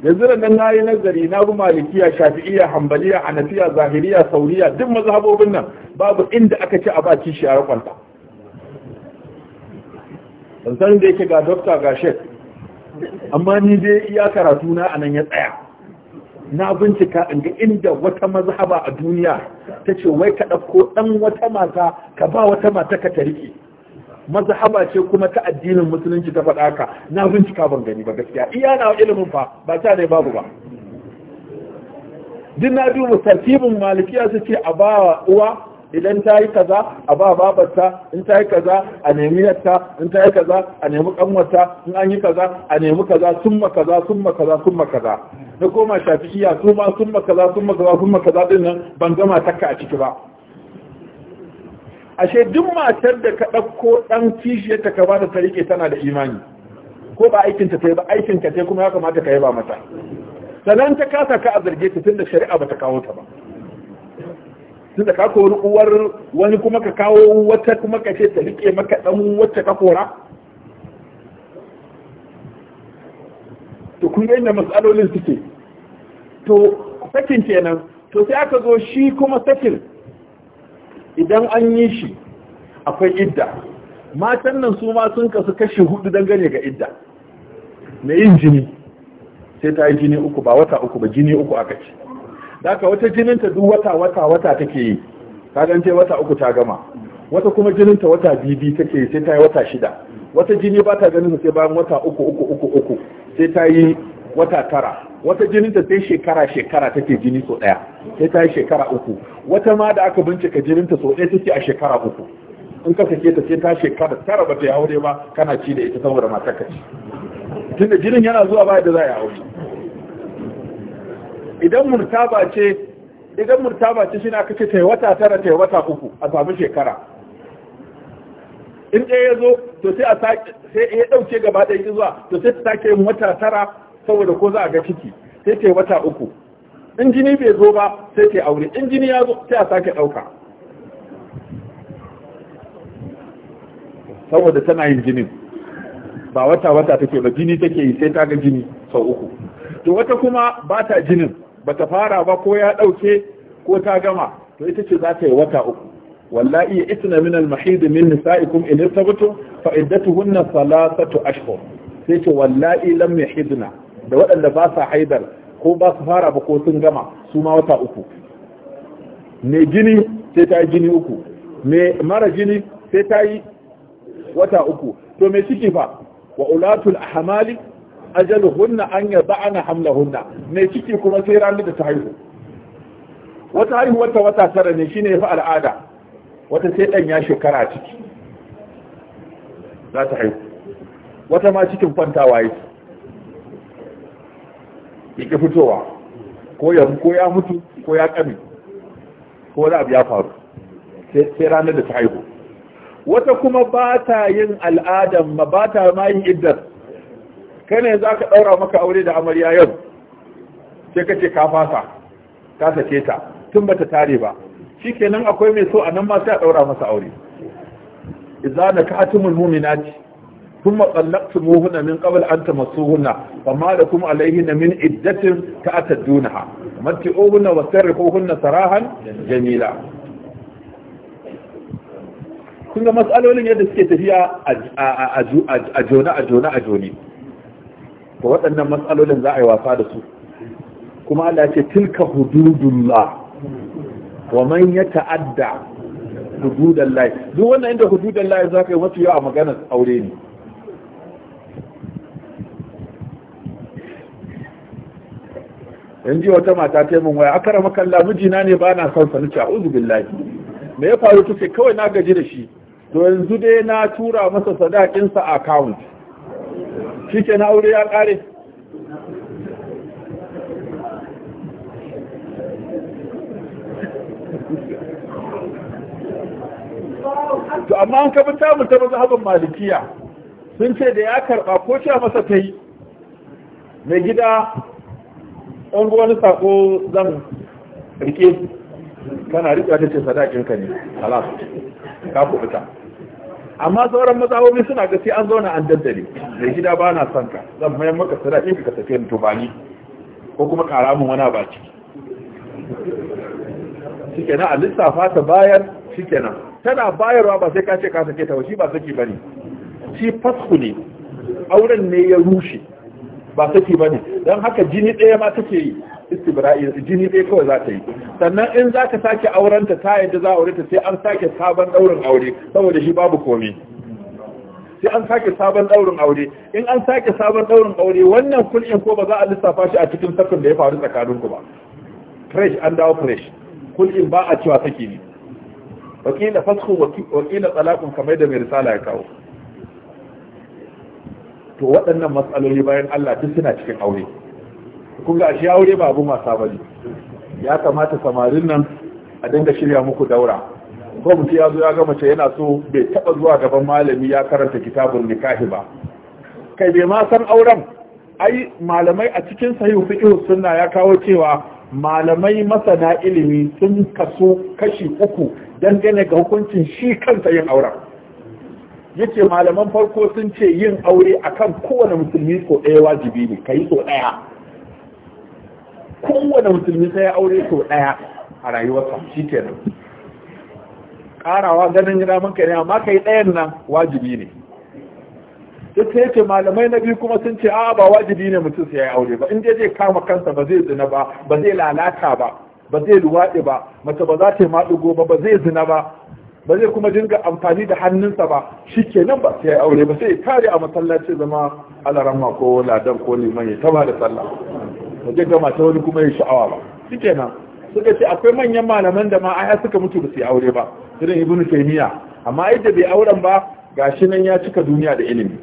yanzu da nan yi nazari na bi malikiya shafi'iyya hambaliya, anafiya, zahiriya sauriya duk mazhabobin nan babu inda aka ci a ba kishi a rakwanta ban san da yake ga dokta ga shek amma ni dai iya karatu na anan ya tsaya na bincika in ga inda wata mazhaba a duniya ta ce wai ka ɗauko ɗan wata mata ka ba wata mata ka ta rike mazhaba ce kuma ta addinin musulunci ta faɗa ka na bincika ban gani ba gaskiya iya na ilimin fa ba ta ne babu ba din na duba tartibin malikiya su ce a ba uwa idan ta yi kaza a ba babarta in ta yi kaza a nemi yatta in ta yi kaza a nemi kanwata in an yi kaza a nemi kaza summa kaza summa kaza summa kaza na koma shafi shafi'iya su ma summa kaza summa kaza summa kaza din nan ban gama takka a ciki ba ashe duk matar da ka ɗauko ɗan kishiyarta ka ba ta tarike tana da imani ko ba aikinta ta yi ba aikinka ta kuma ya kamata ka yi ba mata sannan ta kasa ka a zarge ta tun da shari'a ba ta kawo ta ba tun da ka kori uwar wani kuma ka kawo wata kuma ka ce ta rike maka ɗan wacce ka kora to kun yadda matsalolin suke to sakin kenan to sai aka zo shi kuma sakin idan an yi shi akwai idda matan nan su ma sun kasu kashi hudu dangane ga idda na yin jini sai ta yi jini uku ba wata uku ba jini uku aka ce daga wata jininta duk wata wata wata take yi kagance wata uku ta gama wata kuma jininta wata bibi take yi sai ta yi wata shida wata jini ba ta ganin sai bayan wata uku uku uku uku sai ta yi wata tara wata jinin ta sai shekara shekara take jini so daya sai ta yi shekara uku wata ma da aka bincika jinin ta so daya take a shekara uku in ka kake ta sai ta shekara tara ba ta aure ba kana ci da ita saboda masu ka ci tunda jinin yana zuwa ba da za a aure idan murtaba ce idan murtaba ce shi na ce ta wata tara ta wata uku a samu shekara in ɗaya ya zo to sai a sake. sai ya ɗauke gaba ɗaya zuwa to sai ta sake yin wata tara saboda ko za a ga ciki sai ta wata uku in jini bai zo ba sai ta aure in jini ya zo sai a sake ɗauka saboda tana yin jinin ba wata wata take ba jini take yi sai ta ga jini sau uku to wata kuma ba ta jinin ba ta fara ba ko ya ɗauke ko ta gama to ita ce za ta yi wata uku wallahi itna min al-mahid min nisa'ikum in irtabtum fa iddatuhunna thalathatu ashhur sai ce wallahi lam yahidna da waɗanda ba sa haidar ko ba su fara ba ko sun gama su ma wata uku mai gini sai ta yi gini uku mai mara gini sai ta yi wata uku to mai ciki fa wa ulatul ahmali hunna an hamla hunna mai ciki kuma sai ranar da ta haihu wata haihu wata wata tara ne shine ya fi al'ada wata sai dan ya shekara ciki za ta haihu wata ma cikin kwantawa yake ya fitowa ko ya mutu ko ya ƙami ko wani abu ya faru sai ranar da ta haihu wata kuma ba ta yin al'adar, ma ba ta ma yin iddar kane za ka ɗaura maka aure da amarya yau sai ka ce ka fasa ka sace ta tun ba ta tare ba shi kenan akwai mai so a nan masu sai a ɗaura masa aure idza mu'minati ثم طلقتموهن من قبل أن تمسوهن فما لكم عليهن من عدة تأتدونها متئوهن وسرحوهن سراها جميلا kun ga matsalolin yadda suke tafiya a jona a jona a joni to waɗannan matsalolin za a yi wasa da su kuma Allah ce tilka hududullah wa man ya ta'adda hududallahi duk wannan inda hududallahi za ka yi masu yawa maganar aure ne yanzu wata mata ta min waya akara makalla mijina ne ba na son sa nace a'udhu billahi me ya faru tace kawai na gaji da shi to yanzu dai na tura masa sadakin sa account shike na aure ya kare to amma an kafa ta mu ta mazhabin malikiya sun ce da ya karba ko ce masa tai mai gida in bu wani sako zan rike kana rike ta ce sadakin ka ne halas ka kubuta amma sauran mazawobi suna ga sai an zauna an daddare mai gida ba na son ka zan mayan maka sadakin ka tafiya ni tubani ko kuma kara min wani ba ciki shikenan a lissafa ta bayar shikenan tana bayarwa ba sai ka ce ka sake ta ba shi ba saki bane shi fasku ne auren ne ya rushe ba saki ba ne don haka jini ɗaya ma take yi istibra'i jini ɗaya kawai za ta yi sannan in za ka sake aurenta ta yadda za aure ta sai an sake sabon ɗaurin aure saboda shi babu komai sai an sake sabon ɗaurin aure in an sake sabon ɗaurin aure wannan kulin ko ba za a lissafa shi a cikin sakon da ya faru tsakaninku ba fresh an dawo fresh kulin ba a cewa take ne wakila fasku wakila talaqun kamar da mai risala ya kawo to waɗannan matsaloli bayan Allah duk suna cikin aure kun ga shi aure ba abu masa bane ya kamata samarin nan a dinga shirya muku daura ko mutum ya zo ya gama ce yana so bai taɓa zuwa gaban malami ya karanta kitabun nikahi ba kai bai ma san auren ai malamai a cikin sahihu fiqh sunna ya kawo cewa malamai masana ilimi sun kasu kashi uku dangane ga hukuncin shi kansa yin auren yace malaman farko sun ce yin aure akan kowane musulmi so ɗaya wajibi ne kai so ɗaya kowane musulmi sai aure so ɗaya a rayuwarsa nan karawa ganin yana ka ne amma kai ɗayan nan wajibi ne duk yace malamai na biyu kuma sun ce a ba wajibi ne mutum sai ya aure ba in da zai kama kansa ba zai zina ba ba zai lalata ba ba zai luwaɗe ba mace ba za ta yi maɗugo ba ba zai zina ba ba zai kuma dinga amfani da hannunsa ba shi kenan ba sai aure ba sai ya kare a masallaci zama alarama ko ladan ko liman ya taba da sallah ba zai gama ta wani kuma ya sha'awa ba shi kenan suka ce akwai manyan malaman da ma aya suka mutu ba su yi aure ba irin ibn taymiya amma yadda bai auren ba gashi nan ya cika duniya da ilimi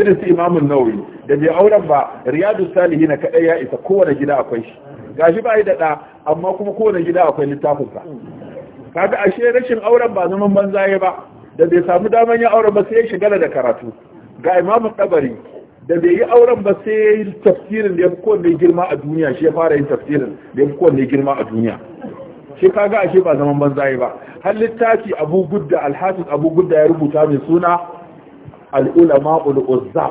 irin su imamun nawawi da bai auren ba riyadu na kadai ya isa kowane gida akwai shi gashi ba yi da da amma kuma kowane gida akwai littafinsa kaga ashe rashin auren ba zaman banza ya ba da bai samu daman yin auren ba sai ya shigala da karatu ga imamu tabari da bai yi auren ba sai ya yi tafsirin da ya fi kowanne girma a duniya shi ya fara yin tafsirin da ya fi kowanne girma a duniya shi kaga ashe ba zaman banza ya ba har littafi abu gudda alhafiz abu gudda ya rubuta mai suna al'ulama ul'uzza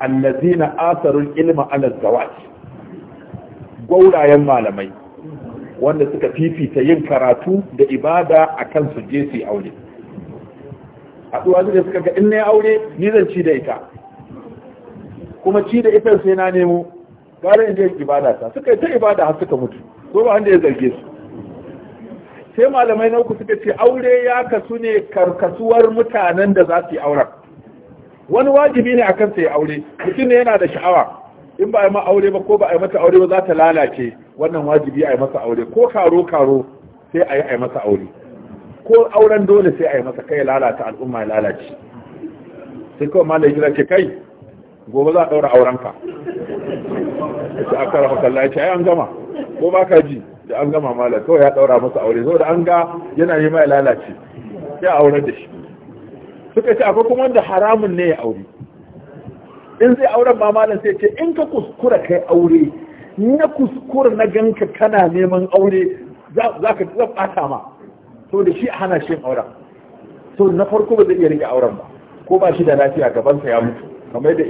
allazina asarul ilma ala zawaj Gwaurayen malamai wanda suka fifita yin karatu da ibada akan su je su aure haɗuwa suka suka ga in na yi aure ni zan ci da ita kuma ci da ita sai na nemo gara in je ibada ta suka yi ta ibada har suka mutu ko ba wanda ya zarge su sai malamai na uku suka ce aure ya kasu ne karkasuwar mutanen da za su yi auren wani wajibi ne akan sai aure mutum ne yana da sha'awa in ba a yi ma aure ba ko ba a yi mata aure ba za ta lalace wannan wajibi a yi masa aure ko karo karo sai a yi a yi masa aure ko auren dole sai a yi masa kai lalata al'umma ya lalace sai kawai malai jira ce kai gobe za a ɗaura aurenka sai aka rafa kalla ya ce ai an gama ko ba ka ji da an gama malai kawai ya ɗaura masa aure zo da an ga yana ma ya lalace ya auren da shi suka ce akwai kuma wanda haramun ne ya aure in zai auren mamalin sai ce in ka kuskura kai aure na kuskura na ganka kana neman aure za ka zan bata ma to da shi hana shi auren to na farko ba zai iya rike auren ba ko ba shi da lafiya gabansa ya mutu kamar da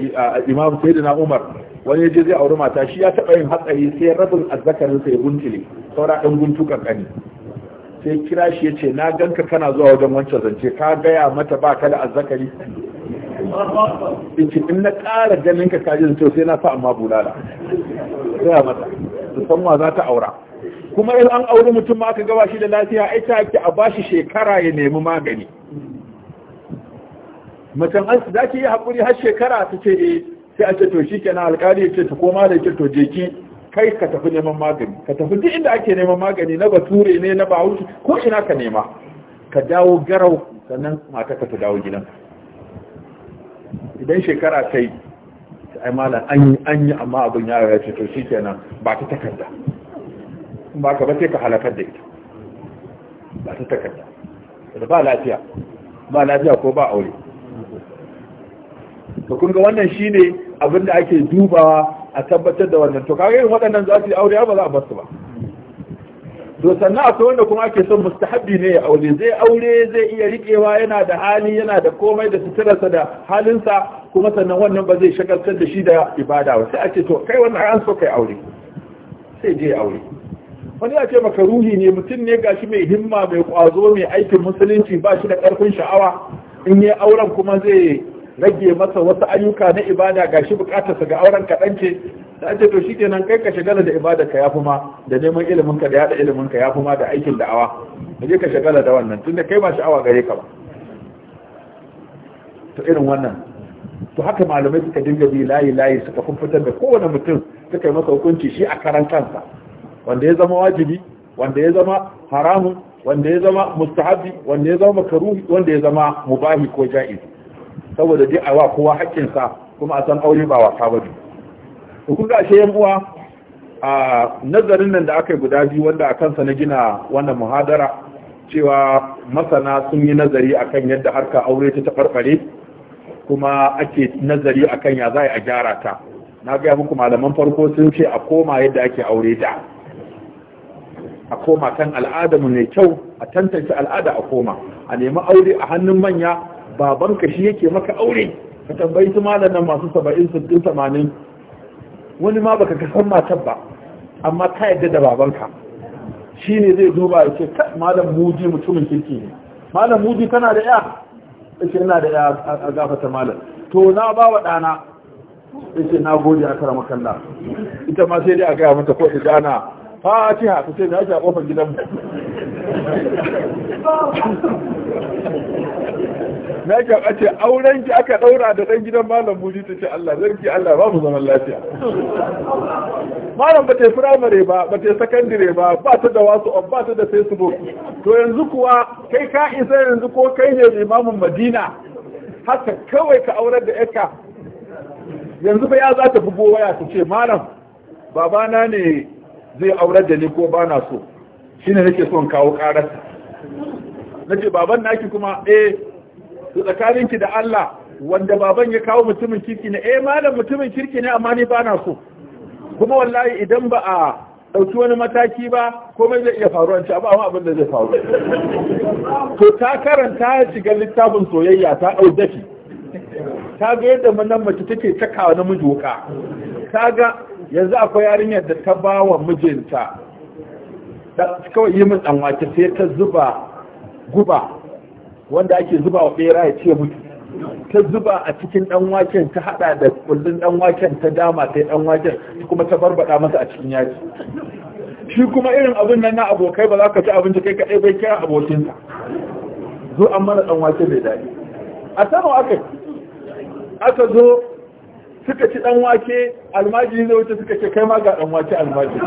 imam na umar wani ya je zai auri mata shi ya taɓa yin hatsari sai rabin azzakarin sai guntule saura ɗan guntukan kankani sai kira shi ya ce na ganka kana zuwa wajen wancan zance ka gaya mata ba ka da azzakari yace in na ƙara ganin ka kajin to sai na sa amma bulala sai mata su san wa za ta aura kuma in an auri mutum ma aka gaba shi da lafiya ai ta ki a bashi shekara ya nemi magani macen an za ki yi haƙuri har shekara ta ce eh sai a ce to shi kenan alƙali ya ce ta koma da ce to je ki kai ka tafi neman magani ka tafi duk inda ake neman magani na bature ne na bahaushe ko ina ka nema ka dawo garau sannan mata ka ta dawo gidanka idan shekara ta yi ta aimala an yi an yi amma abin ya yi ce to shikenan ba ta takarda ba ka ba sai ka halakar da ita ba ta takarda da ba lafiya ba lafiya ko ba aure ba kun ga wannan shine abin da ake dubawa a tabbatar da wannan to kawai waɗannan za su yi aure ba za a basu su ba to sannan akwai wanda kuma ake son mustahabbi ne ya aure zai aure zai iya riƙewa yana da hali yana da komai da suturarsa da halinsa kuma sannan wannan ba zai shagaltar da shi da ibada ba sai a to kai wannan an so kai aure sai je aure wani ya ce maka ruhi ne mutum ne gashi mai himma mai kwazo mai aikin musulunci ba shi da karfin sha'awa in yi auren kuma zai rage masa wasu ayyuka na ibada gashi bukatarsa ga auren kaɗan ce da an ce to shikenan kai ka shagala da ibada ka fi ma da neman ilimin ka da yada ilimin ka fi ma da aikin da'awa je ka shagala da wannan tunda kai ba sha'awa gare ka ba to irin wannan to haka malamai suka dinga bi layi layi suka fitar da kowane mutum suka yi masa hukunci shi a karan kansa wanda ya zama wajibi wanda ya zama haramun wanda ya zama mustahabi wanda ya zama makaruhi wanda ya zama mubahi ko ja'izi saboda dai a wa kowa haƙƙinsa kuma a san aure ba wasa ba ne Kun ga shi uwa a nazarin nan da aka yi guda biyu wanda a kansa na gina wannan muhadara cewa masana sun yi nazari akan yadda harka aure ta taɓarɓare kuma ake nazari akan ya za a gyara ta na gaya muku malaman farko sun ce a koma yadda ake aure da a koma kan al'adamu mai kyau a tantance al'ada a koma a nemi aure a hannun manya babanka shi yake maka aure ka tambayi su malamin masu saba'in sittin tamanin wani ma baka ka san matar ba amma ta yadda da babanka shi ne zai duba ya ce malam muji mutumin kirki ne malam muji tana da ya ce yana da ya a gafata malam to na ba wa ɗana ya ce na gode a kara makalla ita ma sai dai a gaya mata ko ta dana fatiha ta ce na ake a ƙofar gidanmu na ka ce auren ki aka ɗaura da dan gidan malam buji ta ce Allah zarki Allah ba mu zaman lafiya malam ba ta firamare ba ba ta sakandire ba ba ta da wasu ba ta da facebook to yanzu kuwa kai ka isa yanzu ko kai ne imamun madina haka kawai ka aurar da yaka? yanzu ba ya za ta bugo waya ta ce malam babana ne zai aurar da ni ko bana so shine nake son kawo karasa ce baban naki kuma eh ki da Allah wanda baban ya kawo mutumin kirki ne eh malam mutumin kirki ne amma ni ba na so kuma wallahi idan ba a ɗauki wani mataki ba komai zai iya faruwa ci abu abin da zai faru to ta karanta ya shiga littafin soyayya ta ɗaudaki ta ga yadda manan mace take cakawa namiji wuka ta ga yanzu akwai yarinyar da ta ba wa mijinta kawai yi min dan sai ta zuba guba wanda ake zuba wa bera ya ce mutu ta zuba a cikin dan waken ta hada da kullun dan waken ta dama sai dan waken kuma ta barbada masa a cikin yaji shi kuma irin abin nan na abokai ba za ka ci abinci kai kadai bai kira abokinsa zo an mana dan wake bai dadi a sama aka aka zo suka ci dan wake almajiri zai wuce suka ce kai ma ga dan wake almajiri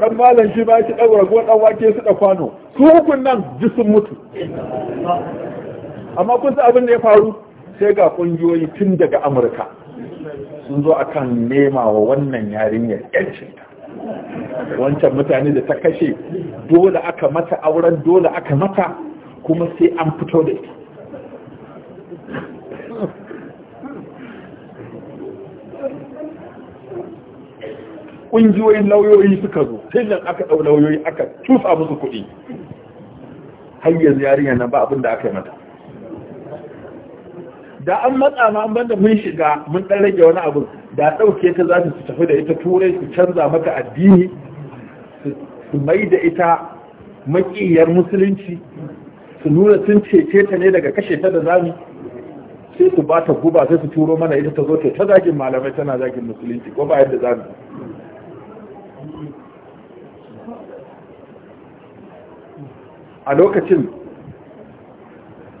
kan malam shi ba shi dan rago dan wake su da kwano su hukun nan ji sun mutu amma kun san abin da ya faru sai ga kungiyoyi tun daga Amurka sun zo akan nema wa wannan yarinyar yancin wancan mutane da ta kashe dole aka mata auren dole aka mata kuma sai an fito da ita ƙungiyoyin lauyoyi suka zo sai nan aka ɗau lauyoyi aka tusa musu kuɗi har yanzu yarinya nan ba abin da aka yi mata da an matsa ma an banda mun shiga mun ɗan rage wani abu da ɗauke ta za su tafi da ita turai su canza maka addini su mai da ita makiyar musulunci su nuna sun cece ta ne daga kashe ta da zami sai su ba ta guba sai su turo mana ita ta zo ta zagin malamai tana zagin musulunci ko ba yadda zami a lokacin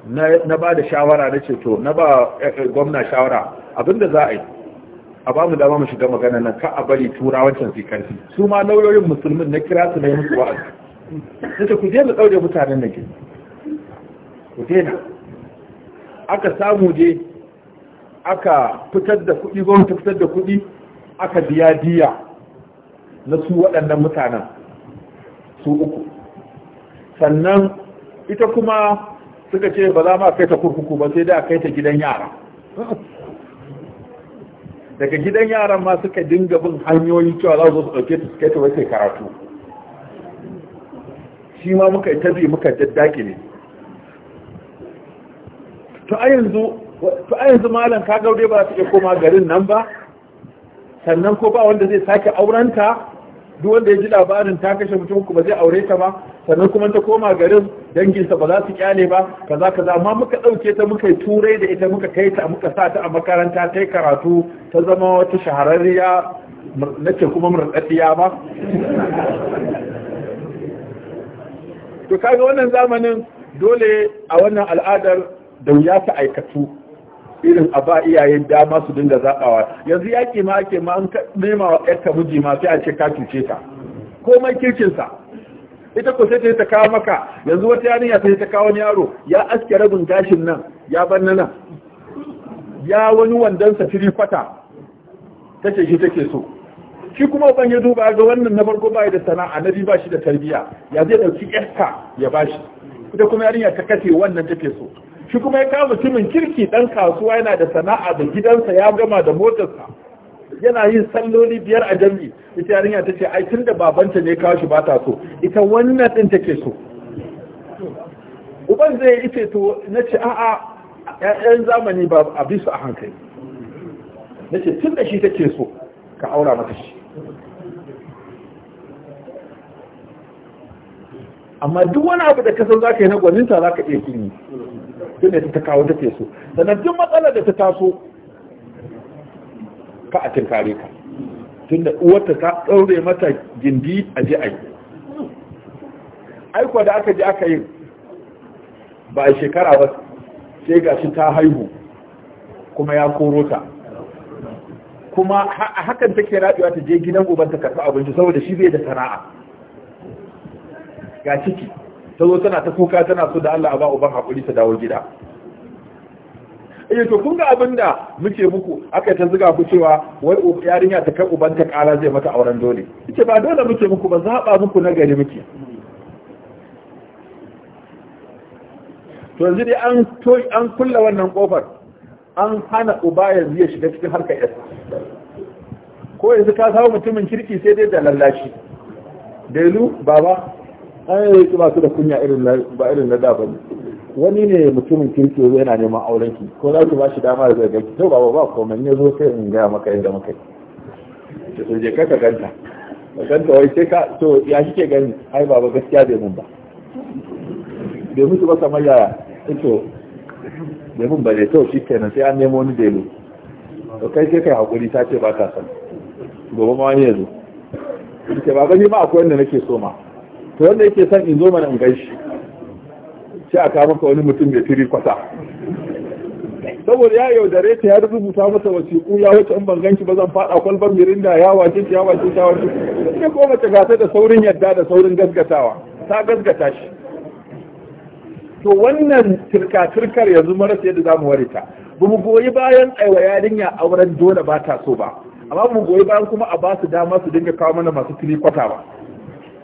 na ba da shawara na ceto na ba eh, eh, gwamna shawara abinda za a yi a ba mu dama mu shiga magana nan ka a bari turawancin su kansu su ma lauyoyin musulmin na kira su na yi musu wa'azi nace ku je mu daure mutanen nan ke ku daina aka samu je aka fitar da kuɗi mu fitar da kuɗi aka biya diya na su waɗannan mutanen su uku sannan ita kuma suka ce ba za ma kai ta kurkuku ba sai da kai ta gidan yara daga gidan yaran ma suka dinga bin hanyoyin cewa za su ɗauke ta kai ta wace karatu shi ma muka ita zai muka daddaki ne to a yanzu malam ka gaure ba su iya koma garin nan ba sannan ko ba wanda zai sake aurenta duk wanda ya ji labarin ta kashe mutum kuma zai aure ta ba sannan kuma ta koma garin danginsa ba za su kyale ba kaza kaza amma muka ɗauke ta muka turai da ita muka kai ta muka sa ta a makaranta ta karatu ta zama wata shahararriya nake kuma murɗaɗɗiya ba to kaga wannan zamanin dole a wannan al'adar da wuya ta aikatu irin a ba iyayen dama su dinga zaɓawa yanzu yaƙi ma ake ma an nema wa ƴarka miji ma sai a ce ka cuce ta komai kirkinsa ita ko sai ta kawo maka yanzu wata yarinya sai ta kawo wani yaro ya aske rabin gashin nan ya bar nan ya wani wandan sa tiri kwata tace shi take so shi kuma ban ya duba ga wannan na farko bai da sana'a na riba shi da tarbiya ya zai dauki yarka ya bashi ita kuma yarinya ta kace wannan take so shi kuma ya kawo mutumin kirki dan kasuwa yana da sana'a da gidansa ya gama da motarsa yana yin salloli biyar a jam'i ita yarinya ta ce ai tun da babanta ne kawo shi ba ta so ita wannan ɗin take so uban zai yi ce to na ce a'a ƴaƴan zamani ba a bi su a hankali na ce tun da shi take so ka aura mata shi amma duk wani abu da kasan za ka yi na gwaninta za ka iya kini tun da ta kawo take so sannan duk matsalar da ta taso ka a tinkare ka tunda uwarta ta ɗaure mata gindi a ji a yi aiko da aka ji aka yi ba a shekara ba sai ga shi ta haihu kuma ya koro ta kuma a hakan take raɗewa ta je gidan uban ta abinci saboda shi bai da sana'a ga ciki ta zo tana ta kuka tana so da Allah a ba uban haƙuri ta dawo gida eh to kun ga abin da muke muku aka ta zuga ku cewa wai yarinya ta kai uban ta kara zai mata auren dole yace ba dole muke muku ba zaba muku na gari muke to yanzu dai an to an kulla wannan kofar an hana uba ya zai shiga cikin harka yasa ko yanzu ka samu mutumin kirki sai dai da lallashi dailu baba ai ba su da kunya irin na da bane wani ne mutumin kirki yanzu yana neman auren ki ko za ki ba shi dama da zai ki to ba ba komai ne zo sai in gaya maka yadda muka yi su je kaka ka ganta ka ganta wai sai ka to ya ke gani ai ba gaskiya bai mun ba bai mutu ba kamar yaya Ito eh, bai mun ba ne to shi kenan sai an nemo wani delu to kai sai kai hakuri ta ce ba ka san gobe ma wani ya zo ba gani ma akwai wanda nake so ma to wanda yake son in zo mana in gaishe sai a kawo maka wani mutum mai firi kwasa. saboda ya yaudare ta ya rubuta masa wasiƙu ya wuce in ban ganci ba zan faɗa kwalbar mirinda ya wace ya wace ya wace sai ko mace gata da saurin yadda da saurin gasgatawa, ta gasgata shi to wannan turka-turkar yanzu mara sai za mu ware ta ba mu goyi bayan aiwa yarinya auren dole ba ta so ba amma mu goyi bayan kuma a ba su dama su dinga kawo mana masu tilikwata ba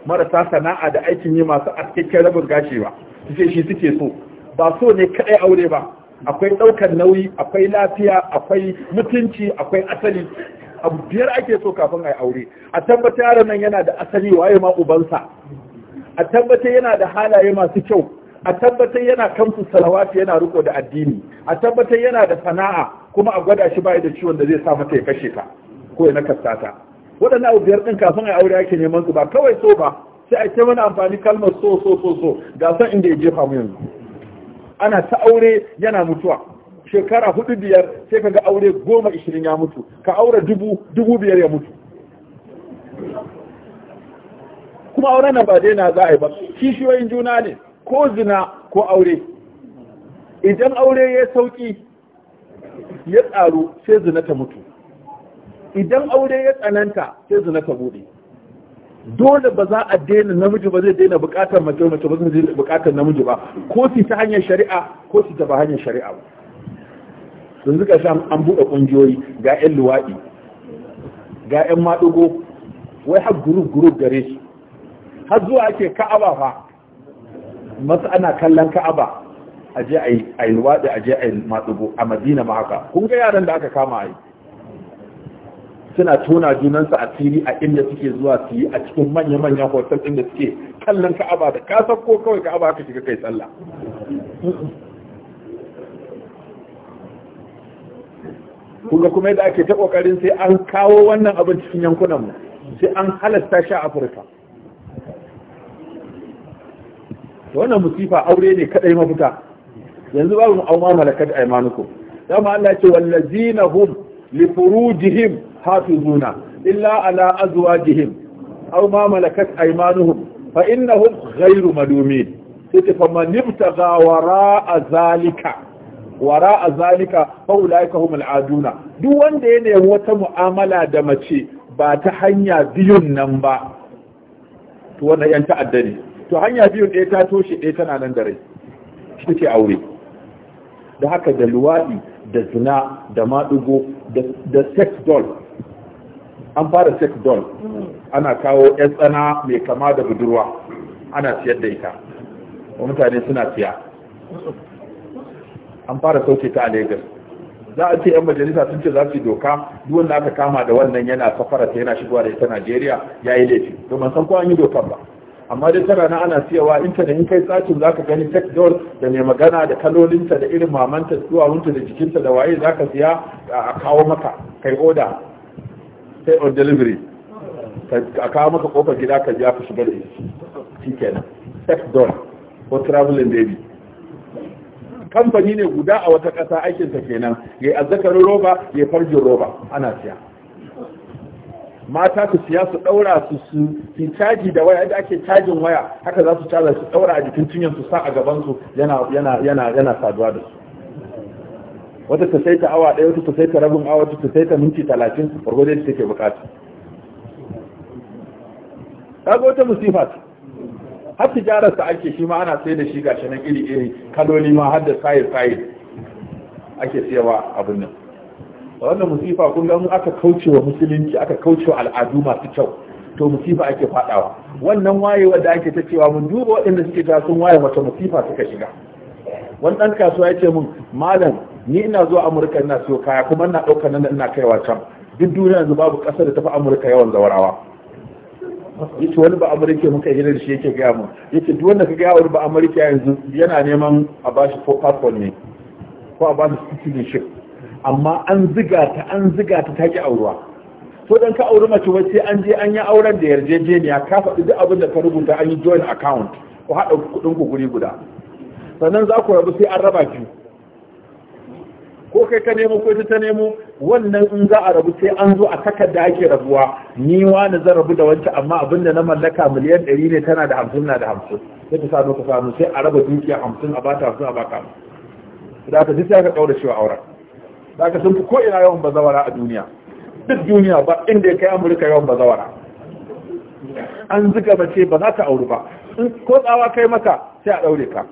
marasa sana'a da aikin yi masu askekken rabin gashi ba tace shi suke so ba so ne kaɗai aure ba akwai daukar nauyi akwai lafiya akwai mutunci akwai asali abu biyar ake so kafin ai aure a tabbata yaron nan yana da asali waye ma ubansa a tabbata yana da halaye masu kyau a tabbatar yana kamsu salawati yana riko da addini a tabbatar yana da sana'a kuma a gwada shi bai da ciwon da zai sa mata ya kashe ta ko ya nakasta ta waɗannan abu biyar ɗin kafin a aure ake neman su ba kawai so ba sai a ce mana amfani kalmar so so so so ga san inda ya jefa mu yanzu ana ta aure yana mutuwa shekara hudu biyar sai ka ga aure goma ishirin ya mutu ka aure dubu dubu biyar ya mutu kuma aure na ba daina za a yi ba kishiyoyin juna ne ko zina ko aure idan aure ya sauki ya tsaro sai zina ta mutu idan aure ya tsananta sai zina ta buɗe. dole ba za a daina namiji ba zai daina bukatar mace mace ba zai daina bukatar namiji ba ko su ta hanyar shari'a ko su ta ba hanyar shari'a ba sun zika sha an buɗe ƙungiyoyi ga 'yan luwaɗi ga 'yan maɗugo wai har guruf guruf gare shi har zuwa ake ka'aba fa masu ana kallon ka'aba a je a yi luwaɗi a je a yi maɗugo a madina ma haka kun ga yaran da aka kama a yi suna tona junansu a fili a inda suke zuwa su yi a cikin manya-manyan hotel inda suke kallon ka'aba da kasar ko kawai ka'aba ka shiga kai tsalla kunga kuma yadda ake ta kokarin sai an kawo wannan abin cikin yankunan mu sai an halasta shi a afirka wannan musifa aure ne kadai mafita yanzu babu mu auma malakat aymanukum dama Allah ya ce wallazina hum li hafizuna illa ala azwajihim aw ma malakat aymanuhum fa innahum ghayru malumin sai fa man ibtaga wara zalika wara zalika fa ulaika humul aduna duk wanda ya nemi wata mu'amala da mace ba ta hanya biyun nan ba to wannan yan ta'adda ne to hanya biyun ɗaya ta toshe ɗaya tana nan da rai shi ce aure da haka da luwaɗi da zina da maɗigo, da sex doll an fara sex doll ana kawo yan tsana mai kama da budurwa ana siyar da ita wa mutane suna siya an fara sauke ta a Legas. za a ce 'yan majalisa sun ce za su yi doka duk wanda aka kama da wannan yana safara ta yana shigowa da ita najeriya ya yi laifi to ban san ko an yi dokan ba amma dai tara na ana siyawa inta da in kai tsakin za ka gani sex doll da mai magana da kalolinta da irin mamanta zuwa wunta da jikinta da waye za ka siya a kawo maka kai oda sai on delivery a kawo maka kofar gida ka ja ka shiga da shi cikin sex don ko traveling baby kamfani ne guda a wata ƙasa aikinsa kenan ya yi azzakarin roba ya yi farjin roba ana siya mata su siya su ɗaura su su caji da waya yadda ake cajin waya haka za su caza su ɗaura a jikin cinyar su sa a gabansu yana saduwa da su wata ta saita awa ɗaya wata ta saita rabin awa wata ta saita minti talatin gwargwado da take bukata kaga wata musifa ce har tijararsa ake shi ma ana sai da shi gashi nan iri-iri kaloli ma har da sayil-sayil ake siyawa abin nan wannan musifa kun ga aka kaucewa musulunci aka kaucewa al'adu masu kyau to musifa ake fadawa wannan waye da ake ta cewa mun duba waɗanda suke ta sun waye wata musifa suka shiga wani ɗan kasuwa ya ce mun malam ni ina zuwa amurka ina siyo kaya kuma ina ɗaukar nan ina kaiwa can duk duniya yanzu babu ƙasar da tafi amurka yawan zawarawa yace wani ba amurka muka hira da shi yake gaya mu yace duk wanda ka gaya wani ba amurka yanzu yana neman a bashi ko passport ne ko a bashi citizenship amma an ziga ta an ziga ta take aurewa ko dan ka auri mace wacce an je an yi auren da yarjejeniya ka faɗi duk abin da ka rubuta an yi joint account ko haɗa kuɗin ku guri guda sannan za ku rabu sai an raba ki ko kai ka nemo ko ita ta nemo wannan in za a rabu sai an zo a takarda ake rabuwa ni wani zan rabu da wancan amma abin da na mallaka miliyan ɗari ne tana da hamsin na da hamsin sai ta sanu ka sanu sai a raba dukiya hamsin a bata hamsin a baka da aka ji sai aka kaura shi wa auren da aka sun fi ko ina yawan bazawara a duniya duk duniya ba inda ya kai amurka yawan bazawara an zuga mace ba za ka auri ba in ko tsawa kai maka sai a ɗaure ka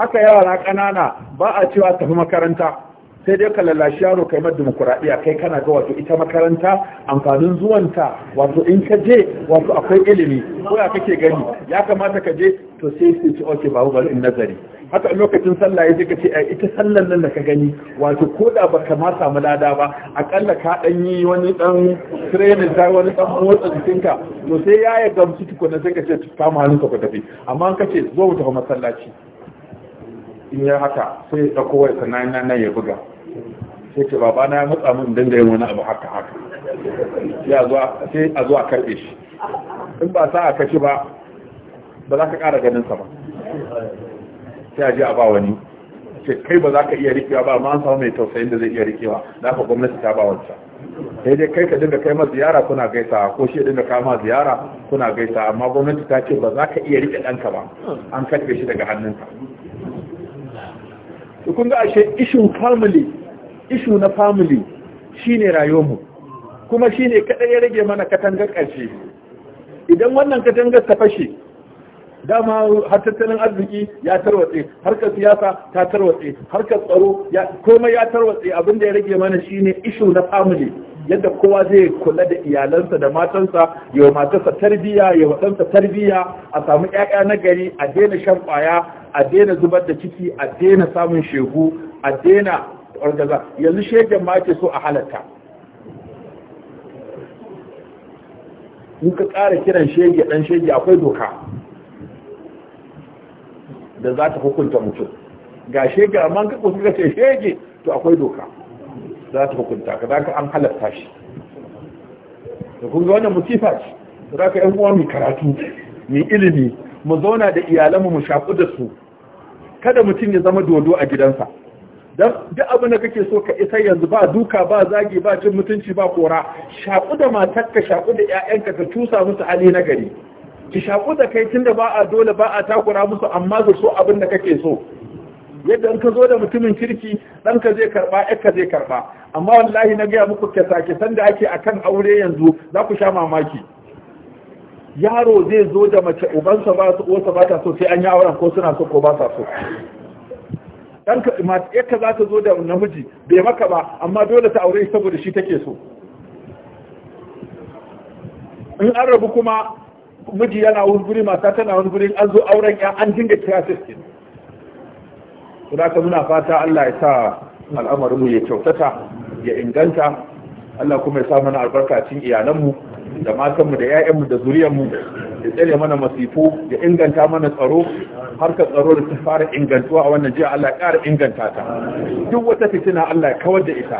haka yawa na ƙanana ba a cewa tafi makaranta sai dai ka lalashi yaro kai mar kai kana ga wato ita makaranta amfanin zuwanta wato in ka je wato akwai ilimi ko ya kake gani ya kamata ka je to sai sai ce oke babu bari in nazari haka lokacin sallah ya ka ce ita sallan nan da ka gani wato ko da ba ka ma samu lada ba akalla ka dan yi wani dan training ta wani dan motsa ka to sai ya ya gamsu tukuna sai ka ce kama hannunka ku tafi amma an kace zo mu tafi masallaci in ya haka sai ya dauko waya na nan ya buga sai ce baba na ya matsa mun dinga yin wani abu haka haka sai a zuwa karɓe shi in ba sa a kashi ba ba za ka ƙara ganin sa ba sai a ji a ba wani ce kai ba za ka iya rikewa ba amma an samu mai tausayin da zai iya rikewa na ka gwamnati ta ba wancan sai dai kai ka dinga kai ma ziyara kuna gaisa ko shi dinga kama ziyara kuna gaisa amma gwamnati ta ce ba za ka iya rike ɗanka ba an karɓe shi daga hannunka kun ga ashe ishin family ishu na family shine rayuwarmu kuma shine kaɗa ya rage mana katangar ƙarshe idan wannan katangar ta fashe dama har tattalin arziki ya tarwatse harkar siyasa ta tarwatse harkar tsaro komai ya tarwatse abin da ya rage mana shine ishu na family yadda kowa zai kula da iyalansa da matansa ya wa matarsa tarbiyya ya wa tarbiyya a samu ƴaƴa na gari a daina shan ƙwaya a daina zubar da ciki a daina samun shegu a daina war yanzu shegen ma ake so a halatta in ka ƙara kiran shege ɗan shege akwai doka da za ta hukunta mutum ga shege amma ka kusa ce shege to akwai doka za ta hukunta ka za ka an halatta shi da kun ga wannan musifa ce za ka yan uwa mai karatu mai ilimi mu zauna da iyalanmu mu shaƙu da su kada mutum ya zama dodo a gidansa don duk abin da kake so ka isa yanzu ba duka ba zagi ba cin mutunci ba kora shaƙu da matarka shaƙu da 'ya'yanka ka tusa musu hali na gari ki shaƙu da kai tunda ba a dole ba a takura musu amma su so abin da kake so yadda in ka zo da mutumin kirki dan ka zai karɓa ɗan ka zai karɓa, amma wallahi na gaya muku kyasa kisan da ake akan aure yanzu za ku sha mamaki yaro zai zo da mace ubansa ba su uwarsa ba ta so sai an yi auren ko suna so ko ba sa so ɗanka yadda za ta zo da namiji bai maka ba amma dole ta aure saboda shi take so in an rabu kuma miji yana wani guri mata tana wani guri an zo auren ya an dinga crisis da ka muna fata Allah ya sa al'amarinmu ya kyautata ya inganta Allah kuma ya sa mana albarkacin iyalanmu da matanmu da 'ya'yanmu da zuriyarmu ya tsere mana masifu ya inganta mana tsaro ka tsaro da ta fara ingantuwa a wannan jiya Allah ya ƙara inganta ta duk wata fitina Allah ya kawar da ita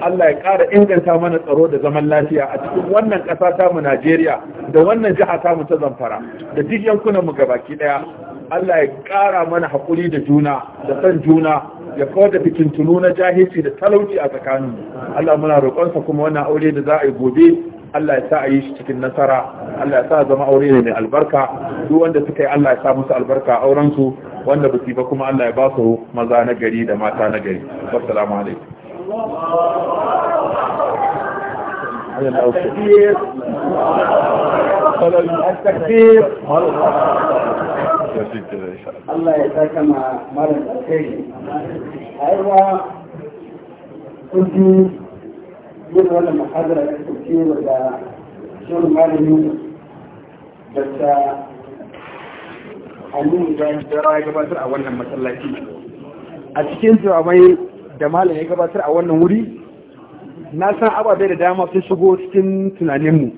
Allah ya ƙara inganta mana tsaro da zaman lafiya a cikin wannan ƙasa ta mu Najeriya da wannan jiha ta mu ta Zamfara da duk yankunan mu gabaki daya Allah ya ƙara mana haƙuri da juna da san juna ya kawar da fitintunu na jahilci da talauci a tsakaninmu Allah muna roƙonsa kuma wannan aure da za a yi gobe Allah ya sa a yi shi cikin nasara Allah ya sa zama aure ne mai albarka duk wanda suka yi Allah ya sa musu albarka auren su wanda ba su ba kuma Allah ya ba su maza na gari da mata na gari assalamu alaikum التكبير التكبير الله يساك مع مرض الخير أيوة كنت yin wannan muhadara ta tafiyar da shirin malami da ta hannun da ya gabatar a wannan masallaci a cikin jawabai da malam ya gabatar a wannan wuri na san ababe da dama sun shigo cikin tunaninmu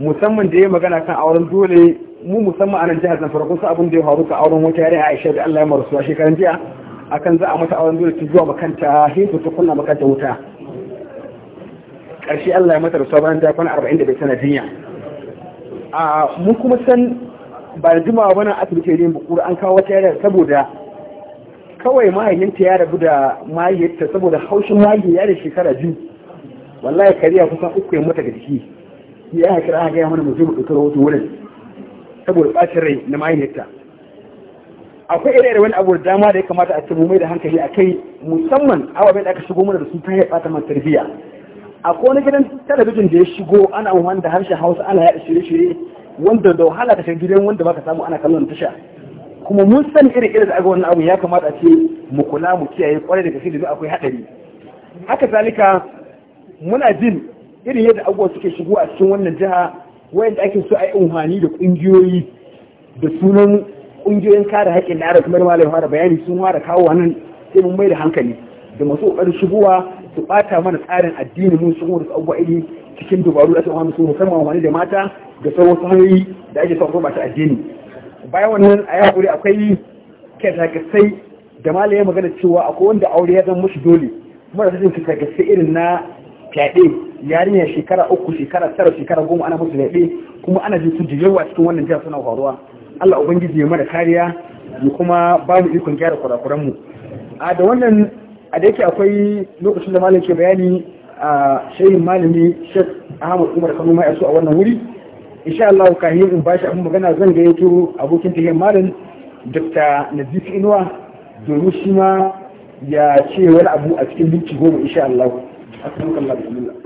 musamman da ya magana kan auren dole mu musamman a nan jihar zamfara kun su abin da ya faru ka auren wata yare aisha da allah ya marasuwa shekaran jiya akan za a mata auren dole ta zuwa makanta hefu ta kunna makanta wuta ƙarshe Allah ya mata da bayan dakon arba'in da bai sana jinya a mun kuma san ba da jimawa bana asibiti yin bukuru an kawo wata yara saboda kawai mahaifinta ya rabu da mahaifinta saboda haushin ya da shekara biyu wallahi kariya kusan uku ya mata da jiki ya yi haƙira a gaya mana zuba ɗaukar wasu wurin saboda ɓacin rai na mahaifinta. akwai irin wani abu da dama da ya kamata a ce mu mai da hankali a kai musamman bai da aka shigo mana da su ta yi ɓata man tarbiyya a kone gidan talabijin da ya shigo ana amfani da harshen hausa ana yaɗa shirye-shirye wanda da wahala ka gidan wanda baka samu ana kallon tasha kuma mun sani irin irin da aka abu ya kamata ce mu kula mu kiyaye kwarai da gaske da akwai haɗari haka zalika muna jin irin yadda abubuwa suke shigo a cikin wannan jiha wayanda ake so a yi amfani da ƙungiyoyi da sunan ƙungiyoyin kare haƙƙin da ara kamar malam fara bayani sun fara kawo nan sai mun mai da hankali da masu ƙoƙarin shigowa su bata mana tsarin addini mun shigo da abubuwa iri cikin dubaru da sauran su musamman wani da mata da sauran wasu hanyoyi da ake sauran ba ta addini bayan wannan a yaƙuri akwai kyatagasai da malami magana cewa akwai wanda aure ya zama musu dole kuma da sassin irin na fyaɗe yarinya shekara uku shekara tara shekara goma ana musu fyaɗe kuma ana jin sun jiyewa cikin wannan jihar suna faruwa Allah Ubangiji ya mana kariya mu kuma ba mu ikon gyara kurakuranmu a da wannan a da yake akwai lokacin da malam ke bayani a shehin malami shek ahmad umar kano ma yasu a wannan wuri insha Allah ka in bashi abin magana zan ga yato abokin tahiyyar malam dr nazif inuwa domin shi ma ya ce wani abu a cikin minti goma insha Allah astaghfirullah bismillah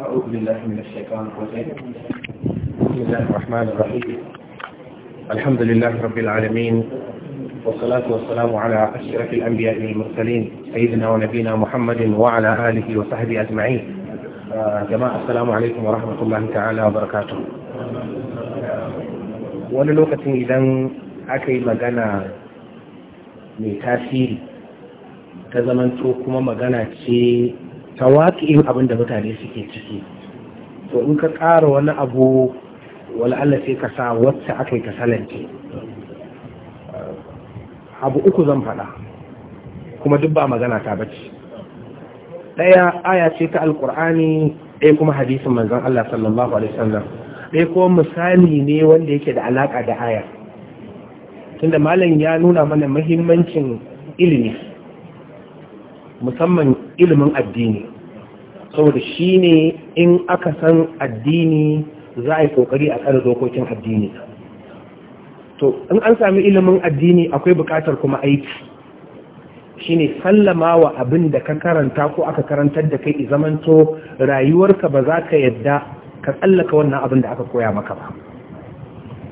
أعوذ بالله من بسم الله الرحمن الرحيم الحمد لله رب العالمين والصلاة والسلام على أشرف الأنبياء والمرسلين سيدنا ونبينا محمد وعلى آله وصحبه أجمعين جماعة السلام عليكم ورحمة الله تعالى وبركاته wani lokacin idan aka yi magana mai tasiri ta zamanto kuma magana ce ta waƙi abin da mutane suke ciki to in ka ƙara wani abu wal'alla sai ka sa wacce aka yi kasalance abu uku zan faɗa kuma duk ba magana ta bace ɗaya aya ce ta alƙur'ani ɗaya kuma hadisin manzon Allah sallallahu alaihi wasallam ɗaya kuma misali ne wanda yake da alaƙa da aya tunda malam ya nuna mana muhimmancin ilimi musamman ilimin addini saboda shine in aka san addini za a yi kokari a tsara dokokin addini to in an sami ilimin addini akwai bukatar kuma aiki shine sallama wa abin da ka karanta ko aka karantar da kai zamanto rayuwarka ba za ka yadda ka tsallaka wannan abin da aka koya maka ba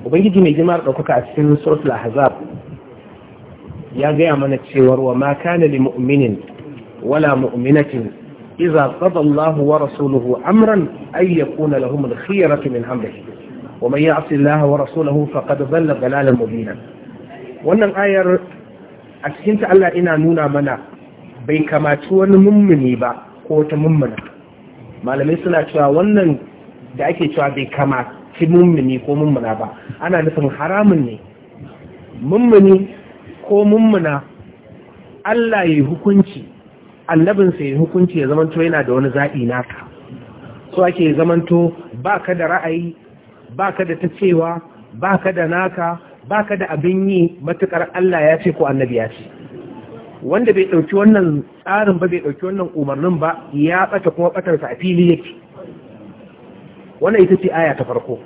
ubangiji mai girma ɗaukaka a cikin suratul ahzab ya gaya mana cewar wa ma kana li mu'minin wala mu'minatin إذا قضى الله ورسوله أمرا أن يكون لهم الخيرة من أمره ومن يعص الله ورسوله فقد ضل ضلالا مبينا wannan ayar a cikin ta Allah ina nuna mana bai kamaci wani mummuni ba ko ta mummuna malamai suna cewa wannan da ake cewa bai kamaci mummuni ko mummuna ba ana nufin haramun ne mummuni ko mummuna Allah ya yi hukunci annabin ya hukunci ya zamanto yana da wani zaɓi naka so ake zamanto ba ka da ra'ayi ba ka da ta cewa ba ka da naka ba ka da abin yi matuƙar Allah ya ce ko annabi ya ce wanda bai ɗauki wannan tsarin ba bai ɗauki wannan umarnin ba ya ɓata kuma ɓatarsa a fili yake wannan ita ce aya ta farko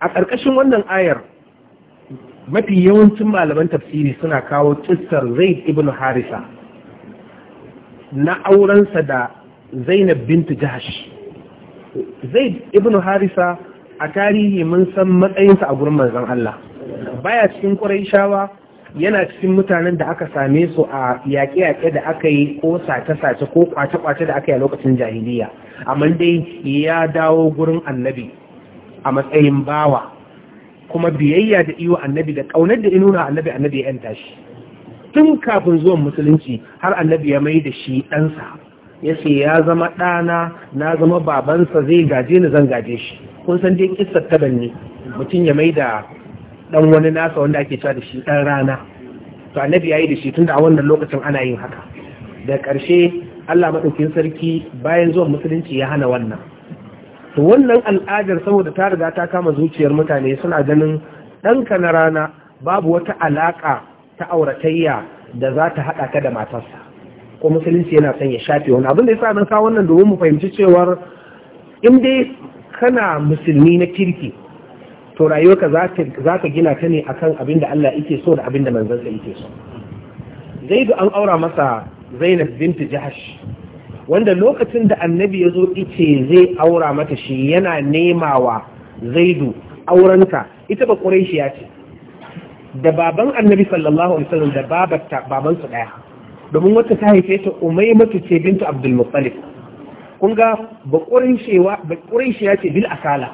a ƙarƙashin wannan ayar mafi yawancin malaman tafsiri suna kawo cistar zaid ibn harisa na aurensa da zainab bintu jahash zaid ibn harisa a tarihi mun san matsayinsa a gurin manzon Allah baya cikin shawa, yana cikin mutanen da aka same su a yaƙe-yaƙe da aka yi ko sace-sace ko kwace-kwace da aka yi a lokacin jahiliya amma dai ya dawo gurin annabi a matsayin bawa kuma biyayya da iyo annabi da ƙaunar da inuna annabi annabi ya 'yanta shi tun kafin zuwan musulunci har annabi ya mai da shi ɗansa ya ce ya zama ɗana na zama babansa zai gaje ni zan gaje shi kun san dai kissar ta ne mutum ya mai da ɗan wani nasa wanda ake cewa da shi ɗan rana to annabi ya yi da shi tun da a wannan lokacin ana yin haka da ƙarshe Allah maɗaukin sarki bayan zuwan musulunci ya hana wannan to wannan al'adar saboda ta riga ta kama zuciyar mutane suna ganin ɗanka na rana babu wata alaƙa ta auratayya da za ta haɗa ka da matarsa ko musulunci yana son ya shafe wani abin da yasa nan kawo wannan domin mu fahimci cewar in dai kana musulmi na kirki to rayuwarka za ka gina ta ne akan abin da Allah yake so da abin da manzansa yake so zaidu an aura masa zainab binti jahash wanda lokacin da annabi ya zo ice zai aura mata shi yana nema wa zaidu aurenka. ita ba ƙuraishiya ce da baban annabi sallallahu alaihi wasallam da babarta baban su daya domin wata ta haife ta umaymatu ce bintu abdul muttalib kun ga bakurin shewa bakurin shiya ce bil asala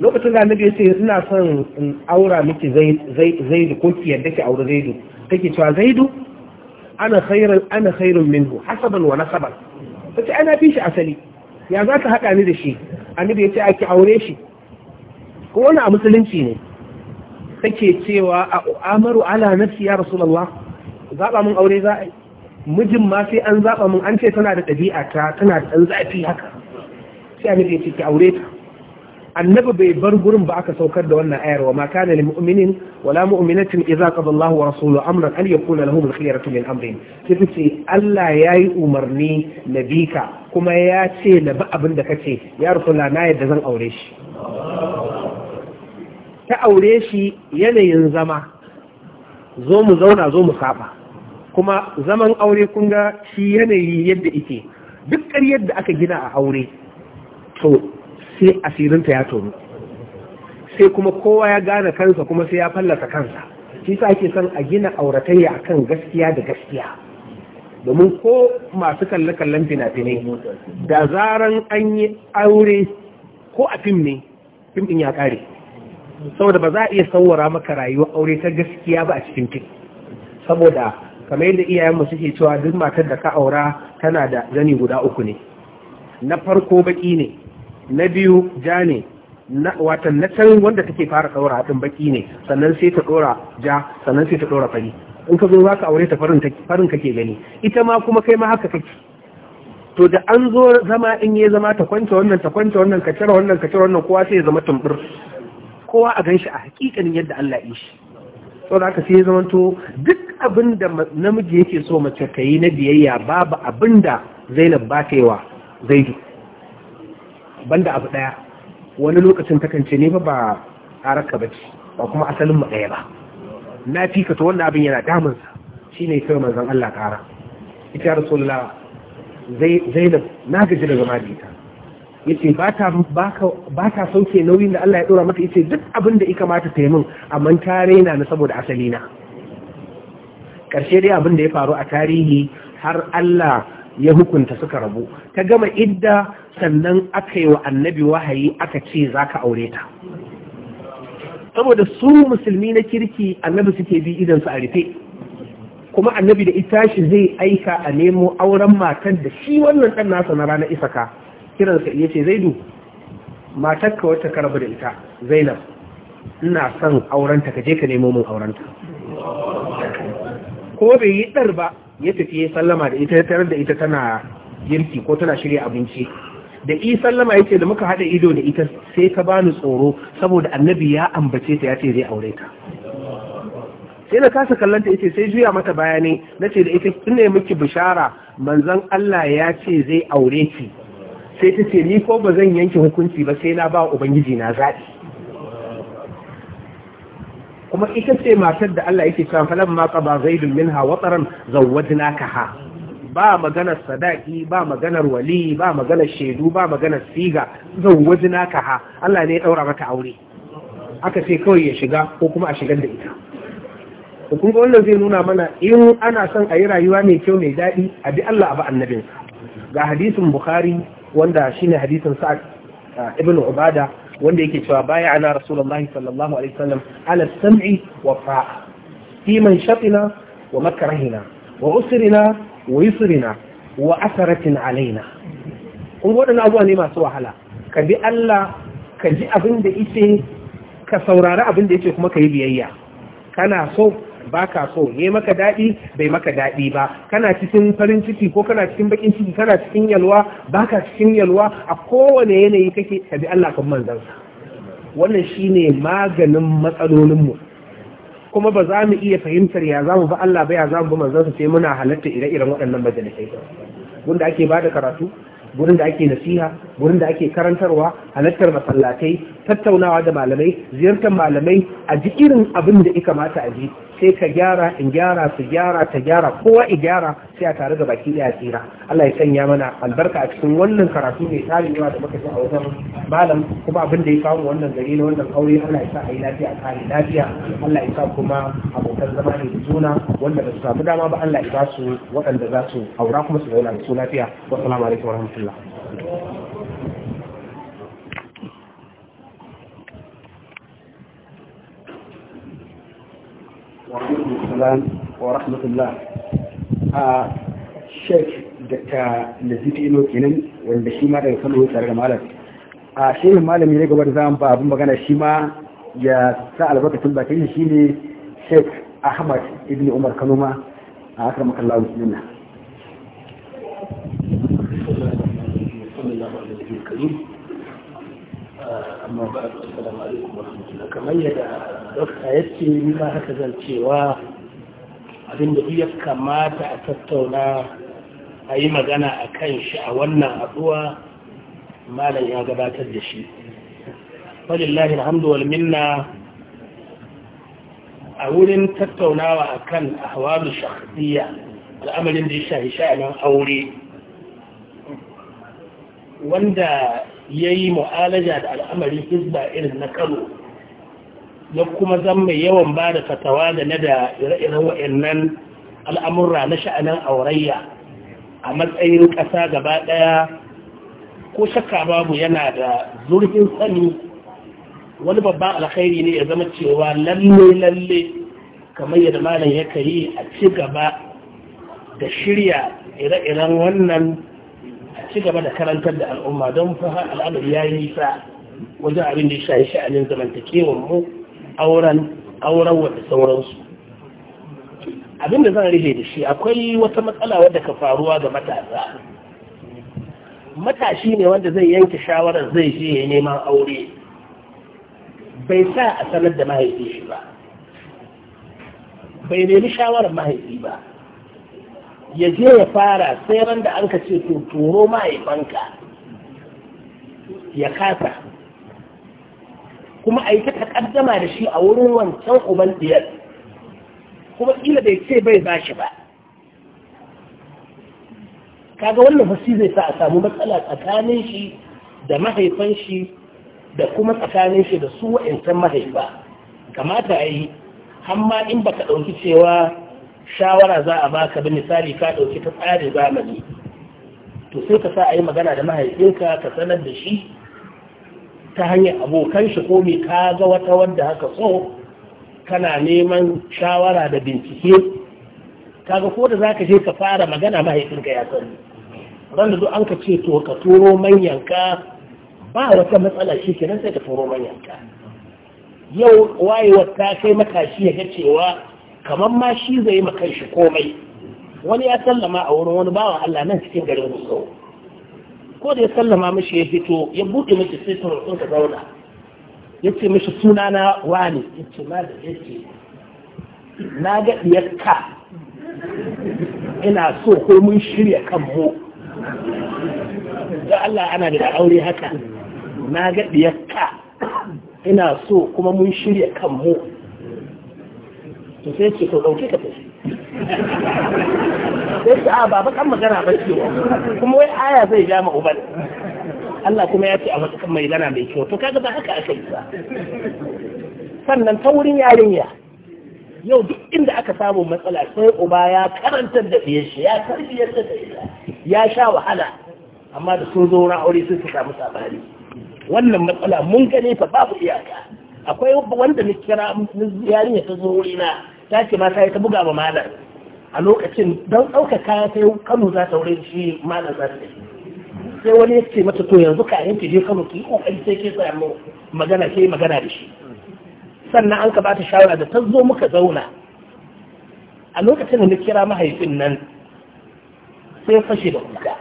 lokacin da annabi ya ce ina son in aura miki zaidu ko ki yadda ki aure zaidu take cewa zaidu ana khairun ana khairun minhu hasaban wa nasaban sai ana fi shi asali ya za ka haɗa ni da shi annabi ya ce ki aure shi ko wani a musulunci ne take cewa a amaru ala nafsi ya rasulullah zaba mun aure za a mijin ma sai an zaba mun an ce tana da ɗabi'a ta tana da ɗan zafi haka sai annabi ya ce ki aure ta annabi bai bar gurin ba aka saukar da wannan ayar wa ma kana lil mu'minin wala mu'minatin idza qada Allahu wa rasuluhu amran an yakuna lahum al khiyaratu min amrin sai ce Allah yayi umarni nabika kuma ya ce na ba abin da kace ya rasulullah na yadda zan aure shi ta aure shi yanayin zama zo mu zauna zo mu saba kuma zaman aure kun ga shi yanayi yadda ike duk ƙaryar da aka gina a aure to sai asirinta ya tonu sai kuma kowa ya gane kansa kuma sai ya fallasa kansa shi sa ake son a gina auratayya a kan gaskiya da gaskiya domin ko masu kalle kallon fina-finai da zaran an yi aure ko a fim ne fim ɗin ya ƙare saboda ba za a iya sauwara maka rayuwa aure ta gaskiya ba a cikin kin saboda kamar yadda iyayenmu suke cewa duk matar da ka aura tana da zani guda uku ne na farko baki ne na biyu ja ne watan na can wanda take fara ɗaura haɗin baki ne sannan sai ta ɗora ja sannan sai ta ɗora fari in ka zo za ka aure ta farin kake gani ita ma kuma kai ma haka kake to da an zo zama in ya zama ta kwanta wannan ta kwanta wannan ka cire wannan ka cire wannan kowa sai ya zama tumbur kowa a ganshi a hakikanin yadda Allah ya shi saboda haka sai ya zamanto duk abin da namiji yake so mace ta yi na biyayya babu abinda Zainab ba ta yi wa Zaidu banda abu daya wani lokacin ta takance ne ba ba araka ba kuma asalin mu daya ba na fika to wannan abin yana damunsa shine sai manzon Allah kara ita rasulullah Zainab na gaji da zama da ita yace ba ba ta sauke nauyin da Allah ya dora mata yace duk abin da ya kamata ta yi min amma ta raina ni saboda asali na karshe dai abin da ya faru a tarihi har Allah ya hukunta suka rabu ta gama idda sannan aka yi wa annabi wahayi aka ce za ka aure ta saboda su musulmi na kirki annabi suke bi idansu a rufe kuma annabi da ita shi zai aika a nemo auren matan da shi wannan ɗan nasa na ranar isaka kiransa ya ce zaidu matakka wata karba da ita zainab ina son aurenta ka je ka nemo min aurenta ko bai yi ɗar ba ya tafi ya sallama da ita tare da ita tana girki ko tana shirya abinci da i sallama ya ce da muka haɗa ido da ita sai ka bani tsoro saboda annabi ya ambace ta ya ce zai aure ta sai na kasa kallanta ita sai juya mata bayani na ce da ita ina miki bishara manzon Allah ya ce zai aure ki sai ta ce ni ko ba zan yanke hukunci ba sai na ba ubangiji na zaɓi kuma ita ce matar da Allah yake cewa falan ma qaba zaidun minha wataran zawwajnaka ha ba magana sadaki ba magana wali ba magana shedu ba magana siga zawwajnaka ha Allah ne ya daura mata aure aka ce kawai ya shiga ko kuma a shigar da ita kun ga wannan zai nuna mana in ana son a yi rayuwa mai kyau mai daɗi a bi Allah a ba annabinsa ga hadisin Bukhari wanda shine hadisin sa'ad uh, ibn ubada wanda yake cewa baya ana rasulullahi sallallahu alaihi wasallam ala sam'i wa fa'a fi man shatina wa makrahina wa usrina wa yusrina wa asaratin alaina kun wadannan abuwa ne masu wahala ka bi Allah ka ji abin da yake ka saurari abin da yake kuma ka yi biyayya kana so ba ka so ne maka daɗi bai maka daɗi ba kana cikin farin ciki ko kana cikin bakin ciki kana cikin yalwa ba ka cikin yalwa a kowane yanayi kake ka bi Allah kan manzansa wannan shine maganin matsalolinmu kuma ba za mu iya fahimtar ya za mu ba Allah ba ya za mu ba manzansa sai muna halatta ire-iren waɗannan majalisai wanda ake ba da karatu gurin da ake nasiha gurin da ake karantarwa halartar masallatai tattaunawa da malamai ziyartar malamai a ji irin abin da ya kamata a ji sai ka gyara in gyara su gyara ta gyara kowa i gyara sai a tare da baki daya tsira Allah ya sanya mana albarka a cikin wannan karatu mai tsarin yawa da muka ci a wajen malam kuma abin da ya kawo wannan gari na wannan aure Allah ya sa a yi lafiya a kare lafiya Allah ya sa kuma abokan zama ne da juna wanda ba su samu dama ba Allah ya ba su waɗanda za su aura kuma su zauna da su lafiya wassalamu alaikum rahmatullah. وعليكم السلام ورحمة الله شيخ دكا لذيذ إنو كنن wanda shi ma daga kano tare da malam a shehin malami ne gabar zan ba abin magana shi ma ya sa albarkacin bakin shi ne sheikh ahmad ibn umar kano ma a akar ɗauka ya ce ni ma haka zancewa abin da ya kamata a tattauna a yi magana a kan shi a wannan haɗuwa malam ya gabatar da shi walillahi alhamdu wal minna a wurin tattaunawa a kan ahwalu shakhsiyya al'amarin da ya shahi sha'anin aure wanda ya yi mu'alaja da al'amarin hizba irin na kano ya kuma zan mai yawan ba da fatawa da na da ire-iren wa'annan al'amurra na sha'anin aurayya a matsayin ƙasa gaba ɗaya ko shakka babu yana da zurfin sani wani babban alkhairi ne ya zama cewa lalle-lalle kamar yadda malam ya yi a ci gaba da shirya ire-iren wannan a ci gaba da karantar da al'umma don fahar al'adar ya yi nisa wajen abin da ya shahi sha'anin zamantakewar mu auren auren wata sauransu abinda zan rufe da shi akwai wata matsala wadda ka faruwa ga matasa matashi ne wanda zai yanke shawarar zai je ya neman aure bai sa a sanar da mahaifi shi ba bai nemi shawarar mahaifi ba ya je ya fara sai ran an ka ce to turo mahaifanka ya kasa kuma a yi ta taƙaddama da shi a wurin wancan uban diyar kuma kila bai ce bai ba shi ba kaga wannan fasi zai sa a samu matsala tsakanin shi da mahaifan shi da kuma tsakanin shi da su wainsan mahaifa kamata a yi amma in baka ɗauki cewa shawara za a baka bi misali ka ɗauki ta tsarin zamani to sai ka sa a yi magana da mahaifinka ka sanar da shi ta hanyar abokan shi ko mai ka ga wata wanda haka so kana neman shawara da bincike kaga ko da za ka je ka fara magana mahaifinka ya sani ran da an ka ce to ka turo manyanka ba wata matsala shi nan sai ka turo manyanka yau wayewar ta kai matashi ya ga cewa kamar ma shi zai makan shi komai wani ya sallama a wurin wani bawa Allah nan cikin garin musau ko da ya sallama mishi ya fito ya buɗe mishi sai ta rufin ka zauna ya ce mishi suna na wani ya ce ma da ya ce na ga ɗiyarka ina so ko mun shirya kan mu da Allah ana da aure haka na ga ɗiyarka ina so kuma mun shirya kan mu to sai ce to ɗauke ka tafi sai ta a ah, ba bakan magana ba ce kuma wai aya zai ja ma uban Allah kuma ya ce a matsakan mai gana mai kyau to kaga ba haka aka yi ba sannan ta wurin yarinya yau duk inda aka samu matsala sai uba ya karantar da fiye shi ya tarbiyyar da ita ya sha wahala amma da sun zo ra'uri aure sun su samu sabari wannan matsala mun gane fa babu iyaka akwai wanda na kira yarinya ta zo wurina ta ce ma yi ta buga ba malam a lokacin don ɗauka kaya sai kano za ta wurin shi malam za ta sai wani ya ce mata to yanzu ka yanke je kano ki kai sai ke tsaya magana ke magana da shi sannan an ka ta shawara da ta zo muka zauna a lokacin da na kira mahaifin nan sai fashe da kuka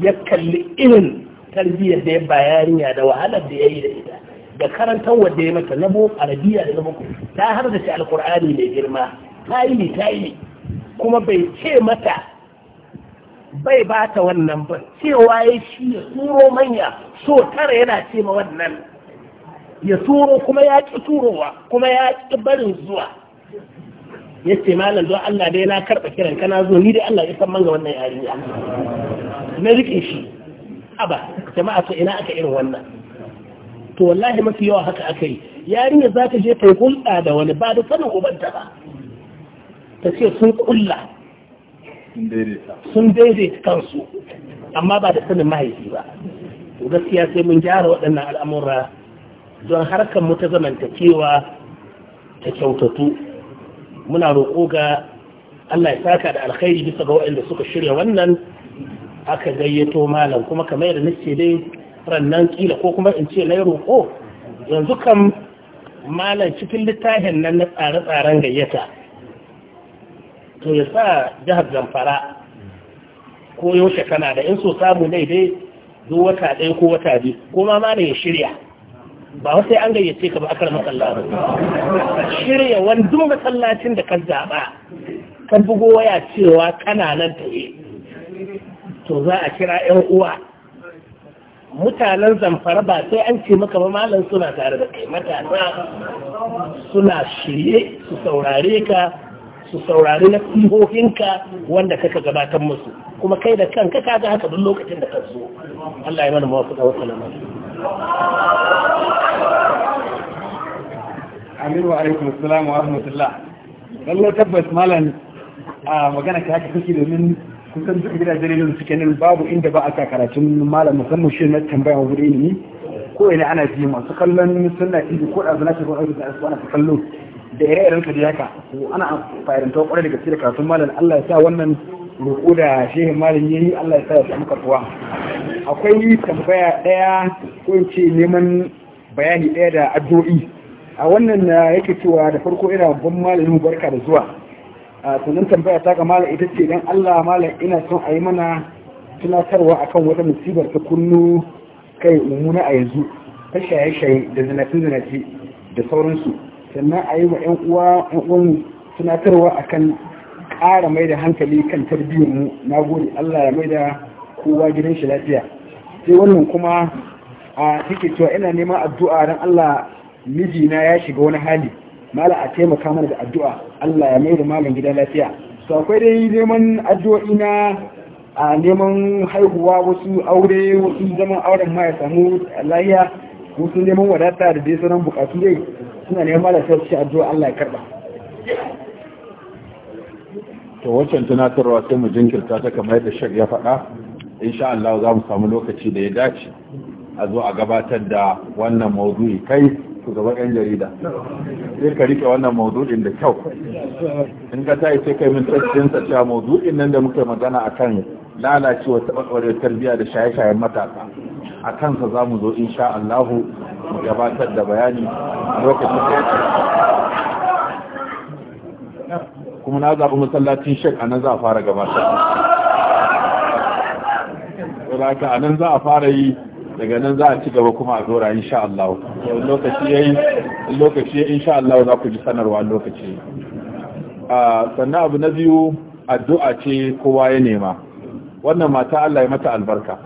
ya kalli irin tarbiyyar da ya bayarinya da wahalar da ya yi da ita da karantar wanda ya mata na a arabiya da na boko ta har da shi alkur'ani mai girma ta yi ne ta yi ne. kuma bai ce mata bai ba ta wannan ba cewa ya shi ya turo manya so tara yana ce ma wannan ya turo kuma ya ƙi turowa kuma ya ƙi barin zuwa ya ce ma don Allah dai na karɓa kiran kana zo ni dai Allah ya san manga wannan yarinya na riƙe shi aba jama'a to ina aka irin wannan to wallahi mafi yawa haka aka yi yarinya za ta je ta yi hulɗa da wani ba da sanin ubanta ba ta ce sun kulla sun daidaita kansu amma ba da sanin mahaifi ba to gaskiya sai mun gyara waɗannan al'amura don harkar mu ta zamanta zamantakewa ta kyautatu muna roƙo ga Allah ya saka da alkhairi bisa ga waɗanda suka shirya wannan aka gayyato malam kuma kamar yadda nake dai rannan kila ko kuma in ce na yi roƙo yanzu kan malam cikin littafin nan na tsare-tsaren gayyata to ya sa jihar zamfara ko yaushe kana da in so samu ne dai wata ɗaya ko wata biyu ko ma malam ya shirya ba wasai an gayyace ka ba akar ba. shirya wani duk masallacin da ka zaɓa ka bugo waya cewa kana ta yi to za a kira 'yan uwa mutanen zamfara ba sai an ce maka ba malam suna tare da kai matasa suna shirye su saurare ka su saurari na fihohinka wanda kaka gabatar musu kuma kai da kanka ka ga haka duk lokacin da ka zo Allah ya mana da wasu salama Amin wa alaikum assalam wa rahmatullah. Lallai tabbas malam a magana ka haka kake domin kusan duk gidajen da suke nan babu inda ba a sa karatun malam musamman shi na tambaya wa gudu ilimi ko ina ana ji masu kallon sunna ido ko da zana shiga wani da ana kallo da ire-iren ka da haka ana ta kwarai da gaske da karatun malam Allah ya sa wannan roƙo da shehin malam yi Allah ya sa ya samu karbuwa akwai tambaya ɗaya ko in ce neman bayani ɗaya da addu'o'i a wannan na uh, yake cewa da farko ina babban malamin barka da zuwa sannan tambaya ta ga malam ita ce dan Allah malam ina son a yi mana tunatarwa a kan wata musibar ta kunnu kai mummuna a yanzu ta shaye-shaye da zinace-zinace da sauransu sannan a yi wa 'yan uwa uwan tunatarwa kan ƙara mai da hankali kan tarbiyyar na gode Allah ya mai da kowa gidan shi lafiya sai wannan kuma a take cewa ina neman addu'a don Allah mijina ya shiga wani hali mala a taimaka mana da addu'a Allah ya mai da malam gidan lafiya to akwai dai neman addu'o'i na a neman haihuwa wasu aure wasu zaman auren ma ya samu lafiya wasu neman wadata da dai sauran bukatu dai suna neman malam sai shi addu'a Allah ya karba to wancan tunatarwa sai mu jinkirta ta kamar yadda shek ya faɗa insha Allah za mu samu lokaci da ya dace a zo a gabatar da wannan maudu'i kai shugaban yan jarida sai ka rike wannan maudu'in da kyau in ka tayi sai kai min tsakiyar sa cewa maudu'in nan da muke magana a akan lalacewa taɓarɓarewar tarbiyya da shaye-shayen matasa a kansa za mu zo insha Allahu mu gabatar da bayani a lokacin da kuma na zaɓi masallacin shek a nan za a fara gabatar. Saboda a nan za a fara yi daga nan za a ci gaba kuma a zora, insha Allah lokaci ya Allah za ku ji sanarwa lokaci a sannan abu na biyu addu'a ce kowa ya nema wannan mata Allah ya mata albarka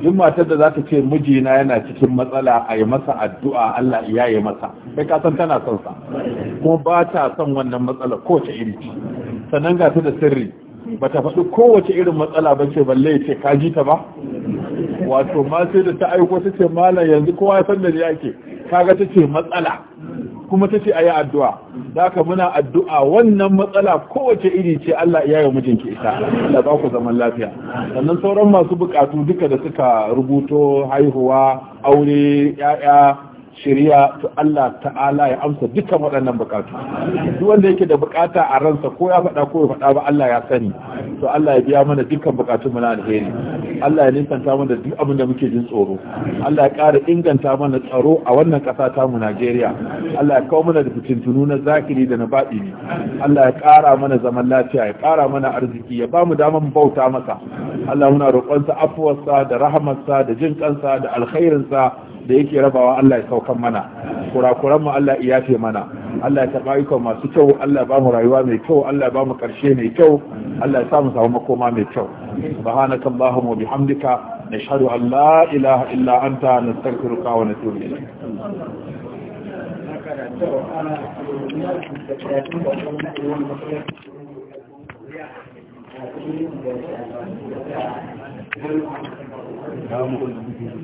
Yin matar da za ta ce mijina yana cikin matsala a yi masa addu'a Allah ya yi masa kai kasan tana son sa kuma ba ta son wannan matsala ko ta iri sannan ga ta da sirri ba ta faɗi kowace irin matsala ba ce balle ce ka ji ta ba wato ma sai da ta aiko ta ce malam yanzu kowa ya san da ke kaga ta ce matsala kuma ta ce a yi addu'a Za ka muna addu'a wannan matsala kowace iri ce Allah ya yi mijinki ita Allah ba ku zaman lafiya sannan sauran masu bukatu duka da suka rubuto haihuwa aure ya'ya shirya to Allah ta'ala ya amsa dukkan waɗannan bukatu duk wanda yake da bukata a ransa ko ya faɗa ko ya faɗa ba Allah ya sani to Allah ya biya mana dukkan bukatun mu na alheri Allah ya nisanta mana duk abin da muke jin tsoro Allah ya ƙara inganta mana tsaro a wannan ƙasa ta mu Najeriya Allah ya kawo mana da fitintunu na zakiri da na baɗini Allah ya ƙara mana zaman lafiya ya ƙara mana arziki ya ba mu daman bauta masa Allah muna roƙonsa afuwarsa da rahamarsa da jin kansa da alkhairinsa da yake rabawa Allah ya saukan mana kurakuran mu Allah ya yafe mana Allah ya taɓa ikon masu kyau Allah ya ba mu rayuwa mai kyau Allah ya ba mu ƙarshe mai kyau Allah ya sa mu samu makoma mai kyau subhanaka allahumma bihamdika nashhadu an la ilaha illa anta nastaghfiruka wa natubu ilayk Thank you.